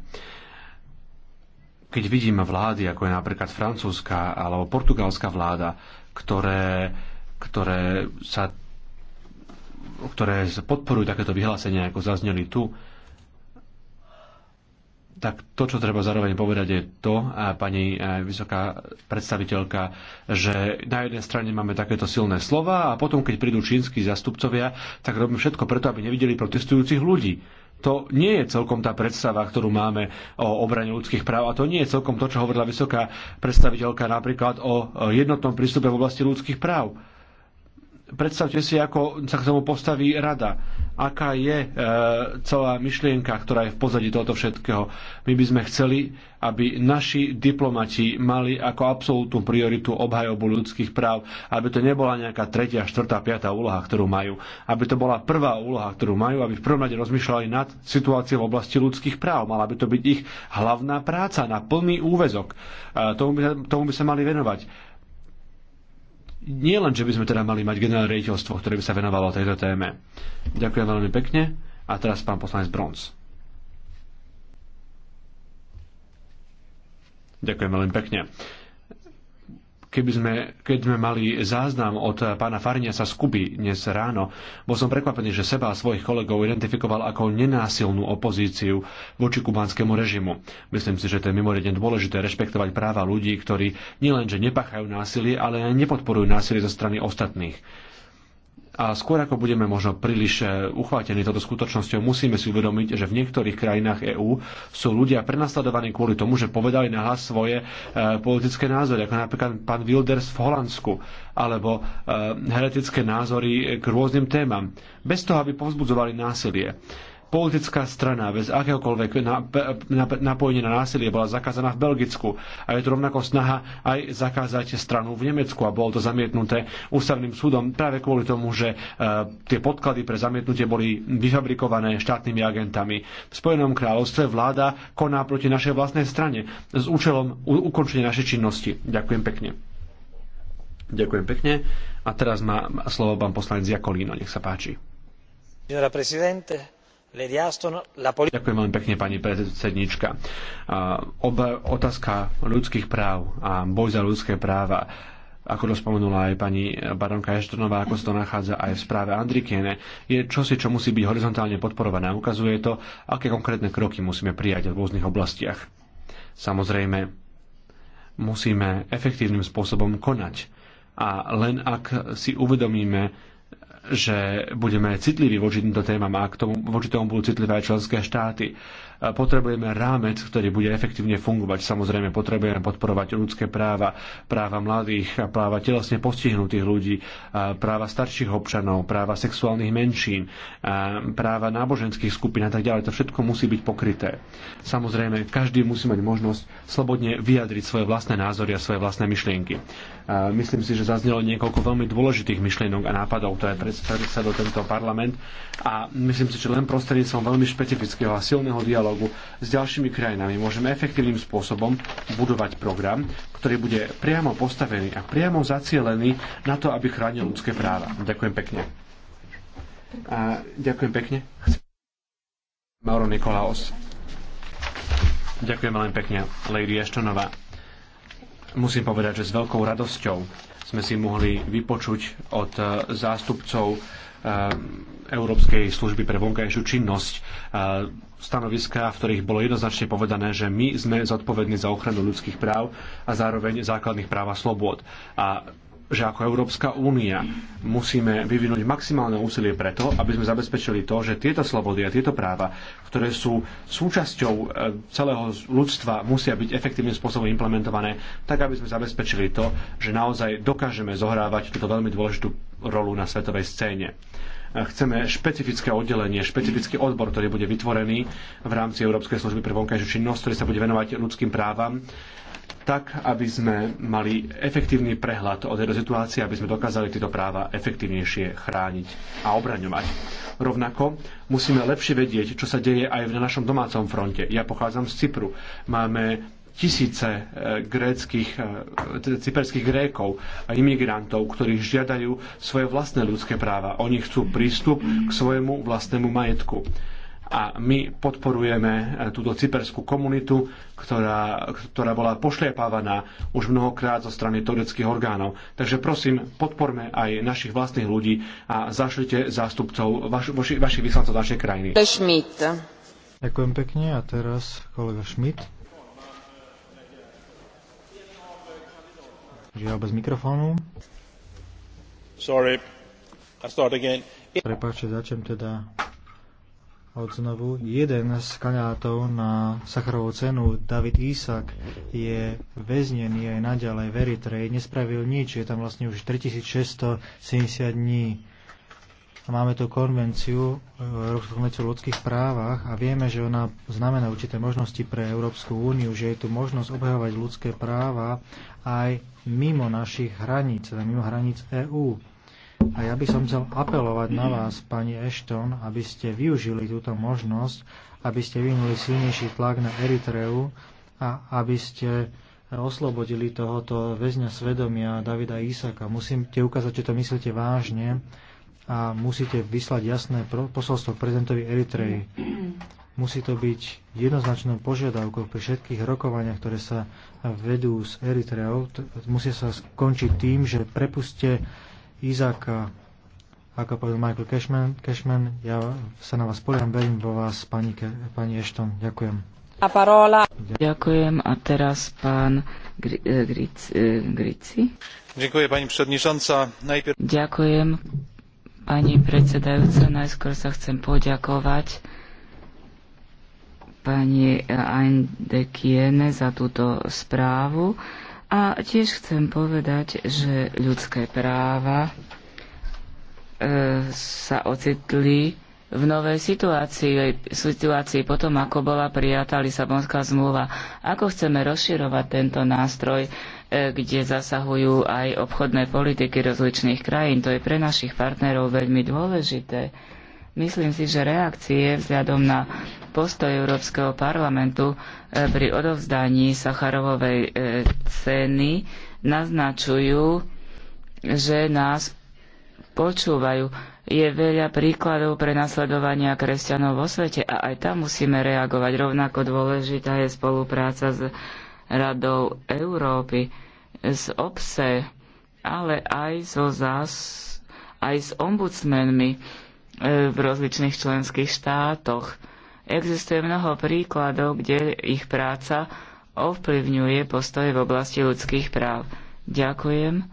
Keď vidíme vlády, ako je napríklad francúzska alebo portugalská vláda, ktoré, ktoré, sa, ktoré podporujú takéto vyhlásenia, ako zazneli tu, tak to, čo treba zároveň povedať, je to, a pani vysoká predstaviteľka, že na jednej strane máme takéto silné slova a potom, keď prídu čínsky zastupcovia, tak robím všetko preto, aby nevideli protestujúcich ľudí. To nie je celkom tá predstava, ktorú máme o obrane ľudských práv a to nie je celkom to, čo hovorila vysoká predstaviteľka napríklad o jednotnom prístupe v oblasti ľudských práv predstavte si, ako sa k tomu postaví rada. Aká je e, celá myšlienka, ktorá je v pozadí tohoto všetkého. My by sme chceli, aby naši diplomati mali ako absolútnu prioritu obhajobu ľudských práv, aby to nebola nejaká tretia, štvrtá, piatá úloha, ktorú majú. Aby to bola prvá úloha, ktorú majú, aby v prvom rade rozmýšľali nad situáciou v oblasti ľudských práv. Mala by to byť ich hlavná práca na plný úvezok. E, tomu, by, tomu by sa mali venovať nie len, že by sme teda mali mať generálne riaditeľstvo, ktoré by sa venovalo tejto téme. Ďakujem veľmi pekne. A teraz pán poslanec Bronz. Ďakujem veľmi pekne keby sme, keď sme mali záznam od pána Farnia sa skuby dnes ráno, bol som prekvapený, že seba a svojich kolegov identifikoval ako nenásilnú opozíciu voči kubánskému režimu. Myslím si, že to je mimoriadne dôležité rešpektovať práva ľudí, ktorí nielenže nepachajú násilie, ale aj nepodporujú násilie zo strany ostatných. A skôr ako budeme možno príliš eh, uchvátení toto skutočnosťou, musíme si uvedomiť, že v niektorých krajinách EÚ sú ľudia prenasledovaní kvôli tomu, že povedali nahlas svoje e, politické názory, ako napríklad pán Wilders v Holandsku, alebo e, heretické názory k rôznym témam, bez toho, aby povzbudzovali násilie politická strana bez akéhokoľvek napojenia na násilie bola zakázaná v Belgicku a je to rovnako snaha aj zakázať stranu v Nemecku a bolo to zamietnuté ústavným súdom práve kvôli tomu, že e, tie podklady pre zamietnutie boli vyfabrikované štátnymi agentami. V Spojenom kráľovstve vláda koná proti našej vlastnej strane s účelom ukončenia našej činnosti. Ďakujem pekne. Ďakujem pekne. A teraz má slovo pán poslanec Jakolíno. Nech sa páči. Signora Presidente, Ďakujem veľmi pekne, pani predsednička. Oba, otázka ľudských práv a boj za ľudské práva ako to spomenula aj pani baronka Eštonová, ako sa to nachádza aj v správe Andrikiene, je čosi, čo musí byť horizontálne podporované. Ukazuje to, aké konkrétne kroky musíme prijať v rôznych oblastiach. Samozrejme, musíme efektívnym spôsobom konať. A len ak si uvedomíme, že budeme citliví voči týmto témam a k tomu, voči tomu budú citlivé aj členské štáty. Potrebujeme rámec, ktorý bude efektívne fungovať. Samozrejme, potrebujeme podporovať ľudské práva, práva mladých, práva telesne postihnutých ľudí, práva starších občanov, práva sexuálnych menšín, práva náboženských skupín a tak ďalej. To všetko musí byť pokryté. Samozrejme, každý musí mať možnosť slobodne vyjadriť svoje vlastné názory a svoje vlastné myšlienky. Myslím si, že zaznelo niekoľko veľmi dôležitých myšlienok a nápadov, ktoré do tento parlament a myslím si, že len prostredníctvom veľmi špecifického a silného dialogu s ďalšími krajinami môžeme efektívnym spôsobom budovať program, ktorý bude priamo postavený a priamo zacielený na to, aby chránil ľudské práva. Ďakujem pekne. A ďakujem pekne. Mauro Nikolaos. Ďakujem veľmi pekne, Lady Ashtonová. Musím povedať, že s veľkou radosťou sme si mohli vypočuť od eh, zástupcov eh, Európskej služby pre vonkajšiu činnosť eh, stanoviská, v ktorých bolo jednoznačne povedané, že my sme zodpovední za ochranu ľudských práv a zároveň základných práv a slobôd. A že ako Európska únia musíme vyvinúť maximálne úsilie preto, aby sme zabezpečili to, že tieto slobody a tieto práva, ktoré sú súčasťou e, celého ľudstva, musia byť efektívnym spôsobom implementované, tak aby sme zabezpečili to, že naozaj dokážeme zohrávať túto veľmi dôležitú rolu na svetovej scéne e, chceme špecifické oddelenie, špecifický odbor, ktorý bude vytvorený v rámci Európskej služby pre vonkajšiu činnosť, ktorý sa bude venovať ľudským právam tak, aby sme mali efektívny prehľad o tejto situácii, aby sme dokázali tieto práva efektívnejšie chrániť a obraňovať. Rovnako musíme lepšie vedieť, čo sa deje aj na našom domácom fronte. Ja pochádzam z Cypru. Máme tisíce e, gréckých, e, cyperských grékov a imigrantov, ktorí žiadajú svoje vlastné ľudské práva. Oni chcú prístup k svojemu vlastnému majetku a my podporujeme eh, túto cyperskú komunitu, ktorá, ktorá bola pošliepávaná už mnohokrát zo strany tureckých orgánov. Takže prosím, podporme aj našich vlastných ľudí a zašlite zástupcov vaš, vaš, vašich vyslancov našej krajiny. Schmidt. Ďakujem pekne a teraz kolega Schmidt. Žiaľ bez mikrofónu. Sorry. I start again. Prepáčte, začnem teda znovu. Jeden z kandidátov na Sacharovú cenu, David Isak, je väznený aj naďalej v Eritreji. Nespravil nič, je tam vlastne už 3670 dní. A máme tu konvenciu, e, Európsku konvenciu o ľudských právach a vieme, že ona znamená určité možnosti pre Európsku úniu, že je tu možnosť obhajovať ľudské práva aj mimo našich hraníc, teda mimo hraníc EÚ. A ja by som chcel apelovať na vás, pani Ashton, aby ste využili túto možnosť, aby ste vynuli silnejší tlak na Eritreu a aby ste oslobodili tohoto väzňa svedomia Davida Isaka. Musíte ukázať, že to myslíte vážne a musíte vyslať jasné posolstvo k prezidentovi Eritreji. Musí to byť jednoznačnou požiadavkou pri všetkých rokovaniach, ktoré sa vedú s Eritreou. Musia sa skončiť tým, že prepuste Izaka, ako povedal Michael Cashman, Cashman ja sa na vás poliam, verím vo vás, pani, pani Ešton. Ďakujem. A parola. Ďakujem a teraz pán e, e, Grici. Ďakujem pani predsedníčanca. Najprv... Ďakujem pani predsedajúca. Najskôr sa chcem poďakovať pani Ainde Kiene za túto správu a tiež chcem povedať, že ľudské práva e, sa ocitli v novej situácii, situácii potom, ako bola prijatá Lisabonská zmluva. Ako chceme rozširovať tento nástroj, e, kde zasahujú aj obchodné politiky rozličných krajín. To je pre našich partnerov veľmi dôležité. Myslím si, že reakcie vzhľadom na postoj Európskeho parlamentu e, pri odovzdaní Sacharovovej e, ceny naznačujú, že nás počúvajú. Je veľa príkladov pre nasledovania kresťanov vo svete a aj tam musíme reagovať. Rovnako dôležitá je spolupráca s Radou Európy, s OBSE, ale aj so zás, aj s ombudsmenmi E, v rozličných členských štátoch. Existuje mnoho príkladov, kde ich práca ovplyvňuje postoje v oblasti ľudských práv. Ďakujem.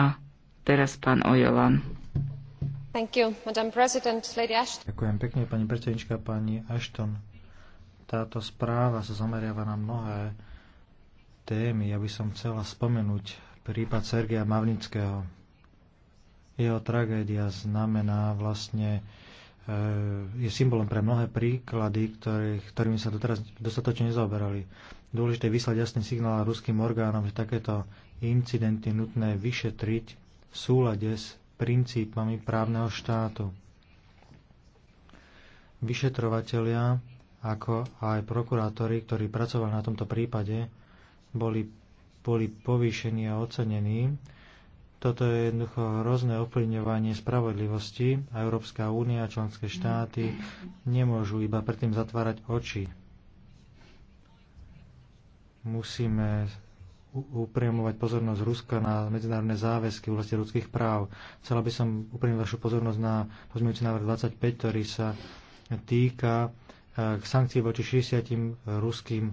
A teraz pán Ojolan. You, Ďakujem pekne, pani predsednička, pani Ashton. Táto správa sa zameriava na mnohé témy. Ja by som chcela spomenúť prípad Sergeja Mavnického jeho tragédia znamená vlastne e, je symbolom pre mnohé príklady, ktorý, ktorými sa doteraz dostatočne nezaoberali. Dôležité je vyslať jasný signál ruským orgánom, že takéto incidenty nutné vyšetriť v súlade s princípami právneho štátu. Vyšetrovatelia, ako aj prokurátori, ktorí pracovali na tomto prípade, boli, boli povýšení a ocenení toto je jednoducho hrozné ovplyvňovanie spravodlivosti a Európska únia a členské štáty nemôžu iba predtým zatvárať oči. Musíme upriamovať pozornosť Ruska na medzinárodné záväzky v oblasti ľudských práv. Chcela by som upriamiť vašu pozornosť na pozmeňujúci návrh 25, ktorý sa týka eh, sankcií voči 60 ruským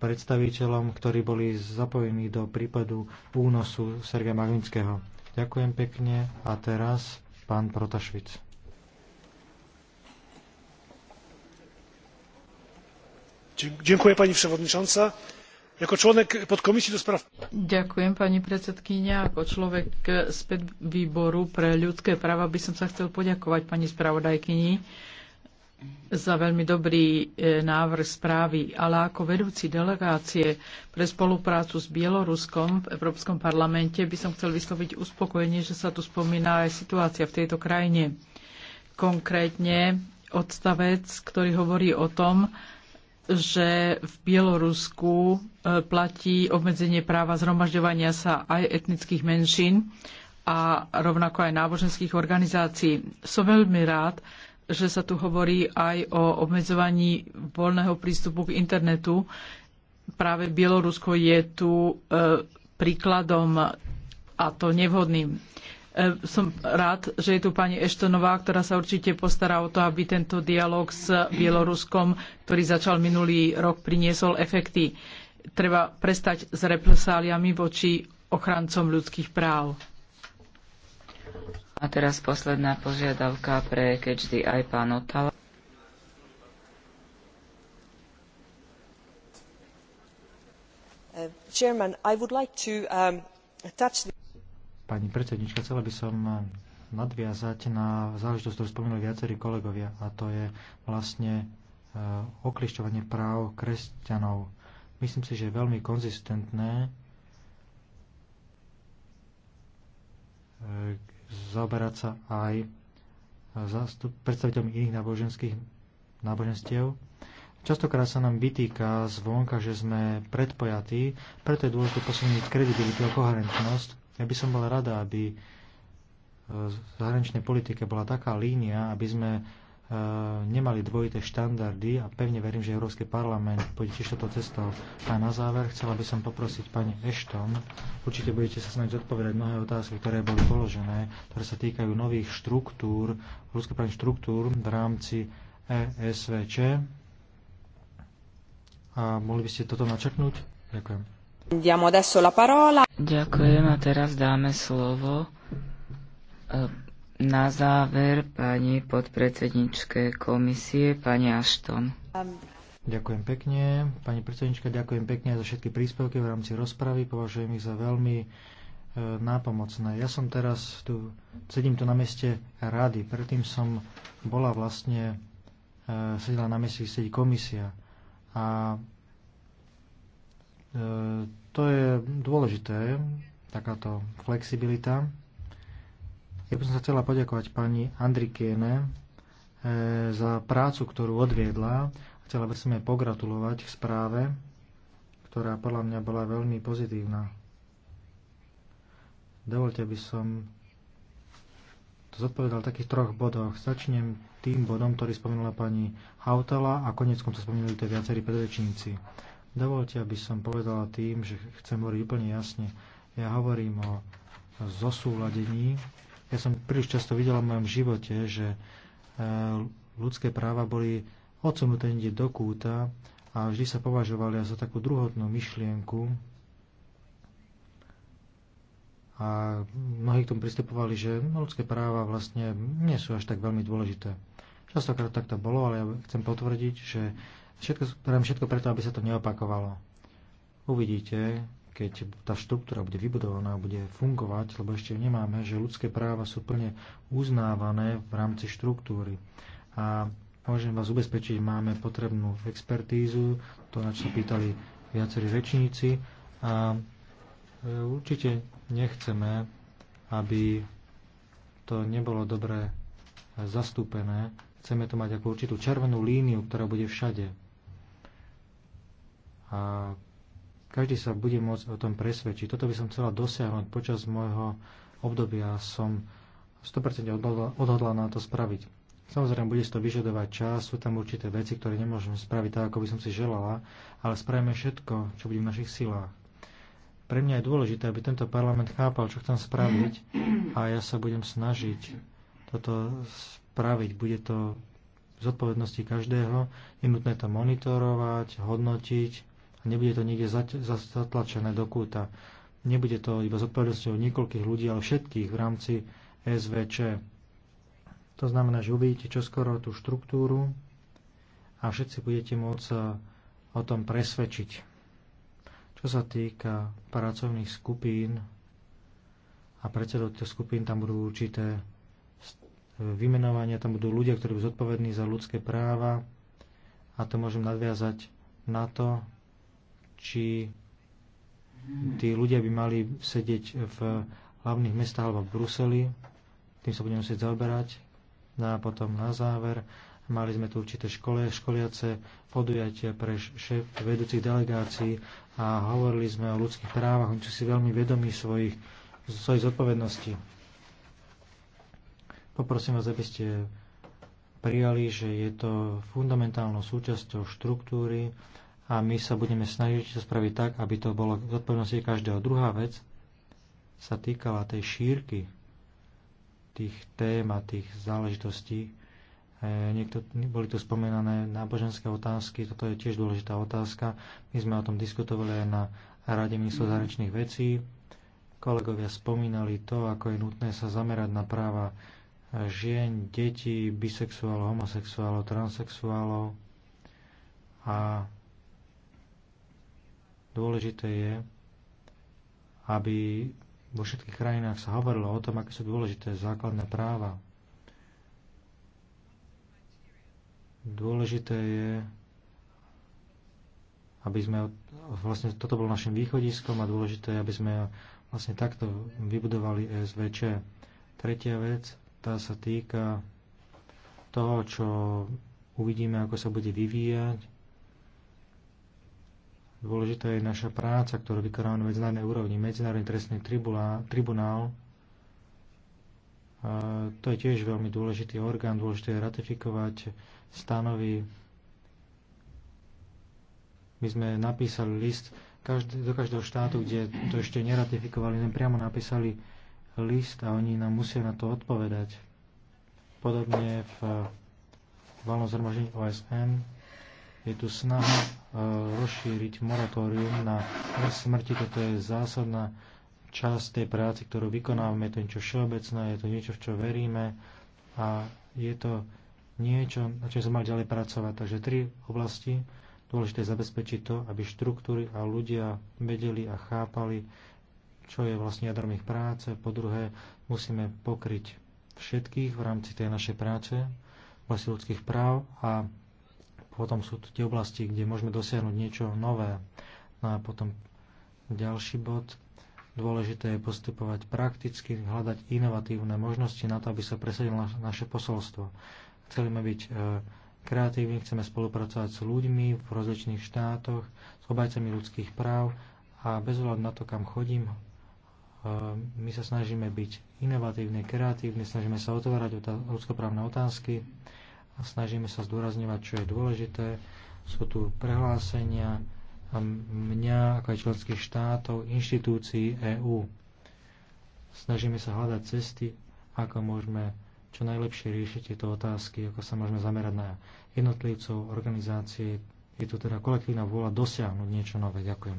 predstaviteľom, ktorí boli zapojení do prípadu únosu Sergeja Magnického. Ďakujem pekne a teraz pán Protašvic. Ďakujem pani przewodnicząca. Ako členek podkomisii do spraw... Ďakujem pani predsedkynia. Ako človek e, z výboru pre ľudské práva by som sa chcel poďakovať pani spravodajkyni za veľmi dobrý e, návrh správy, ale ako vedúci delegácie pre spoluprácu s Bieloruskom v Európskom parlamente by som chcel vysloviť uspokojenie, že sa tu spomína aj situácia v tejto krajine. Konkrétne odstavec, ktorý hovorí o tom, že v Bielorusku e, platí obmedzenie práva zhromažďovania sa aj etnických menšín a rovnako aj náboženských organizácií. Som veľmi rád, že sa tu hovorí aj o obmedzovaní voľného prístupu k internetu. Práve Bielorusko je tu e, príkladom a to nevhodným. E, som rád, že je tu pani Eštonová, ktorá sa určite postará o to, aby tento dialog s Bieloruskom, ktorý začal minulý rok, priniesol efekty. Treba prestať s represáliami voči ochrancom ľudských práv. A teraz posledná požiadavka pre keďždy aj pán Otala. Uh, um, Pani predsednička, chcela by som um, nadviazať na záležitosť, ktorú spomínali viacerí kolegovia, a to je vlastne uh, oklišťovanie práv kresťanov. Myslím si, že je veľmi konzistentné, uh, zaoberať sa aj predstaviteľmi iných náboženských náboženstiev. Častokrát sa nám vytýka zvonka, že sme predpojatí, preto je dôležité posilniť kredibilitu a koherentnosť. Ja by som bola rada, aby v zahraničnej politike bola taká línia, aby sme Eh, nemali dvojité štandardy a pevne verím, že Európsky parlament pôjde tiež toto cestou. A na záver chcela by som poprosiť pani Ashton, určite budete sa snažiť odpovedať mnohé otázky, ktoré boli položené, ktoré sa týkajú nových štruktúr, ľudskoprávnych štruktúr v rámci ESVČ. A mohli by ste toto načrtnúť? Ďakujem. Ďakujem a teraz dáme slovo eh, na záver pani podpredsedničke komisie, pani Ašton. Ďakujem pekne. Pani predsednička, ďakujem pekne za všetky príspevky v rámci rozpravy. Považujem ich za veľmi e, nápomocné. Ja som teraz tu, sedím tu na meste rady. Predtým som bola vlastne, e, sedela na meste, sedí komisia. A e, to je dôležité, takáto flexibilita. Ja by som sa chcela poďakovať pani Andrikiene eh, za prácu, ktorú odviedla. Chcela by som jej pogratulovať k správe, ktorá podľa mňa bola veľmi pozitívna. Dovolte, aby som to zodpovedal v takých troch bodoch. Začnem tým bodom, ktorý spomenula pani Hautala a konec to spomenuli tie viacerí predrečníci. Dovolte, aby som povedala tým, že chcem hovoriť úplne jasne. Ja hovorím o zosúladení ja som príliš často videla v mojom živote, že e, ľudské práva boli odsunuté niekde do kúta a vždy sa považovali za takú druhotnú myšlienku. A mnohí k tomu pristupovali, že no, ľudské práva vlastne nie sú až tak veľmi dôležité. Častokrát tak to bolo, ale ja chcem potvrdiť, že všetko, všetko preto, aby sa to neopakovalo. Uvidíte, keď tá štruktúra bude vybudovaná, bude fungovať, lebo ešte nemáme, že ľudské práva sú plne uznávané v rámci štruktúry. A môžem vás ubezpečiť, máme potrebnú expertízu, to na čo pýtali viacerí rečníci a e, určite nechceme, aby to nebolo dobre zastúpené. Chceme to mať ako určitú červenú líniu, ktorá bude všade. A každý sa bude môcť o tom presvedčiť. Toto by som chcela dosiahnuť počas môjho obdobia. a Som 100% na to spraviť. Samozrejme, bude si to vyžadovať čas, sú tam určité veci, ktoré nemôžem spraviť tak, ako by som si želala, ale spravíme všetko, čo bude v našich silách. Pre mňa je dôležité, aby tento parlament chápal, čo chcem spraviť a ja sa budem snažiť toto spraviť. Bude to z zodpovednosti každého. Je nutné to monitorovať, hodnotiť nebude to niekde zatlačené do kúta. Nebude to iba zodpovednosťou niekoľkých ľudí, ale všetkých v rámci SVČ. To znamená, že uvidíte čoskoro tú štruktúru a všetci budete môcť e, o tom presvedčiť. Čo sa týka pracovných skupín a predsedov týchto skupín, tam budú určité vymenovania, tam budú ľudia, ktorí budú zodpovední za ľudské práva a to môžem nadviazať na to, či tí ľudia by mali sedieť v hlavných mestách alebo v Bruseli. Tým sa budeme musieť zaoberať. No a potom na záver mali sme tu určité škole, školiace podujatia pre šéf vedúcich delegácií a hovorili sme o ľudských právach. Oni sú si veľmi vedomí svojich, svojich zodpovedností. Poprosím vás, aby ste prijali, že je to fundamentálnou súčasťou štruktúry a my sa budeme snažiť to spraviť tak, aby to bolo v zodpovednosti každého. Druhá vec sa týkala tej šírky tých tém a tých záležitostí. E, niekto, boli tu spomenané náboženské otázky, toto je tiež dôležitá otázka. My sme o tom diskutovali aj na Rade ministrov zahraničných vecí. Kolegovia spomínali to, ako je nutné sa zamerať na práva žien, detí, bisexuálov, homosexuálov, transexuálov a Dôležité je, aby vo všetkých krajinách sa hovorilo o tom, aké sú dôležité základné práva. Dôležité je, aby sme, vlastne toto bolo našim východiskom a dôležité je, aby sme vlastne takto vybudovali SVČ. Tretia vec, tá sa týka toho, čo uvidíme, ako sa bude vyvíjať. Dôležitá je naša práca, ktorú vykonáme na medzinárodnej úrovni. Medzinárodný trestný tribunál, tribunál to je tiež veľmi dôležitý orgán, dôležité je ratifikovať stanovy. My sme napísali list každý, do každého štátu, kde to ešte neratifikovali, len priamo napísali list a oni nám musia na to odpovedať. Podobne v valnom zhromaždení OSN je tu snaha rozšíriť moratórium na trest smrti. Toto je zásadná časť tej práce, ktorú vykonávame. Je to niečo všeobecné, je to niečo, v čo veríme a je to niečo, na čo sme mali ďalej pracovať. Takže tri oblasti. Dôležité je zabezpečiť to, aby štruktúry a ľudia vedeli a chápali, čo je vlastne jadrom ich práce. Po druhé, musíme pokryť všetkých v rámci tej našej práce, vlastne ľudských práv a potom sú tu tie oblasti, kde môžeme dosiahnuť niečo nové. No a potom ďalší bod. Dôležité je postupovať prakticky, hľadať inovatívne možnosti na to, aby sa presadilo naše posolstvo. Chceme byť e, kreatívni, chceme spolupracovať s ľuďmi v rozličných štátoch, s obajcami ľudských práv a bez ohľadu na to, kam chodím, e, my sa snažíme byť inovatívne, kreatívne, snažíme sa otvárať ľudskoprávne otázky a snažíme sa zdôrazňovať, čo je dôležité. Sú tu prehlásenia mňa, ako aj členských štátov, inštitúcií EÚ. Snažíme sa hľadať cesty, ako môžeme čo najlepšie riešiť tieto otázky, ako sa môžeme zamerať na jednotlivcov, organizácie. Je tu teda kolektívna vôľa dosiahnuť niečo nové. Ďakujem.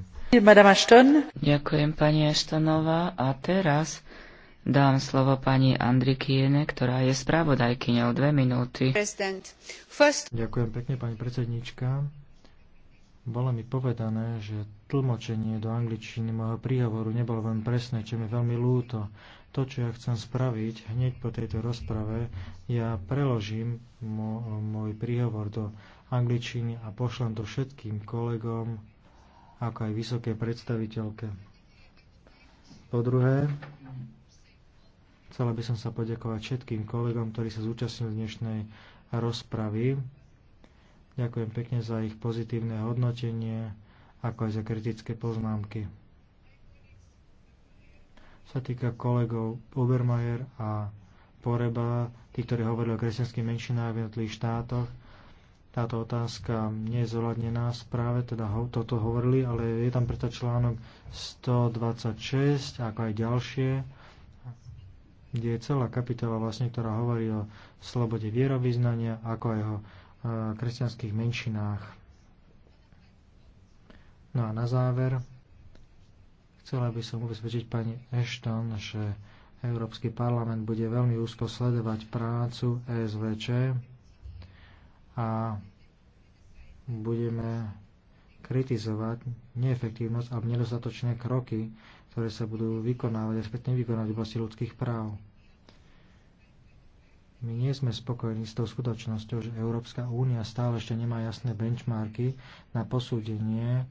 Ďakujem pani Aštonová. A teraz Dám slovo pani Andrikiene, ktorá je spravodajkyňou dve minúty. First... Ďakujem pekne, pani predsednička. Bolo mi povedané, že tlmočenie do angličtiny môjho príhovoru nebolo veľmi presné, čo mi veľmi lúto. To, čo ja chcem spraviť hneď po tejto rozprave, ja preložím môj príhovor do angličtiny a pošlem to všetkým kolegom, ako aj vysoké predstaviteľke. Po druhé, Chcela by som sa poďakovať všetkým kolegom, ktorí sa zúčastnili dnešnej rozpravy. Ďakujem pekne za ich pozitívne hodnotenie, ako aj za kritické poznámky. Sa týka kolegov Obermajer a Poreba, tí, ktorí hovorili o kresťanských menšinách v jednotlivých štátoch. Táto otázka nie je zohľadnená správe, teda ho, toto hovorili, ale je tam preto článok 126, ako aj ďalšie kde je celá kapitola, vlastne, ktorá hovorí o slobode vierovýznania, ako aj o e, kresťanských menšinách. No a na záver chcela by som ubezpečiť pani Ashton, že Európsky parlament bude veľmi úzko sledovať prácu ESVČ a budeme kritizovať neefektívnosť a nedostatočné kroky, ktoré sa budú vykonávať, respektíve vykonávať v oblasti ľudských práv. My nie sme spokojní s tou skutočnosťou, že Európska únia stále ešte nemá jasné benchmarky na posúdenie,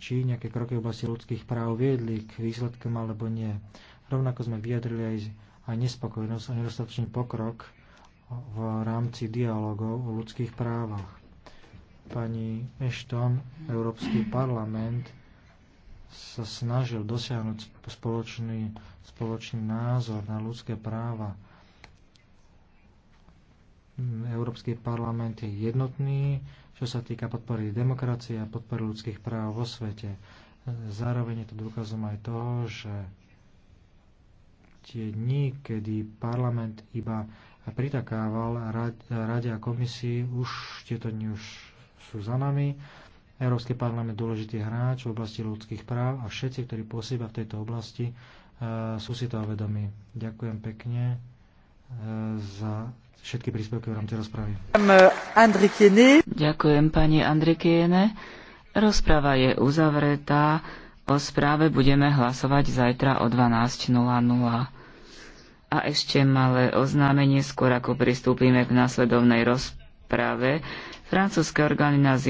či nejaké kroky v oblasti ľudských práv viedli k výsledkom alebo nie. Rovnako sme vyjadrili aj, aj nespokojnosť a nedostatočný pokrok v rámci dialogov o ľudských právach. Pani Ashton, Európsky parlament sa snažil dosiahnuť spoločný, spoločný názor na ľudské práva. Európsky parlament je jednotný, čo sa týka podpory demokracie a podpory ľudských práv vo svete. Zároveň je to dôkazom aj toho, že tie dni, kedy parlament iba pritakával rade a komisii, už tieto dni už sú za nami Európsky parlament dôležitý hráč v oblasti ľudských práv a všetci, ktorí posíba v tejto oblasti, eh, sú si toho vedomí. Ďakujem pekne eh, za všetky príspevky v rámci rozpravy. Ďakujem pani Andrikiene. Rozprava je uzavretá. O správe budeme hlasovať zajtra o 12.00. A ešte malé oznámenie, skôr ako pristúpime k následovnej rozprave. Francúzske orgány nás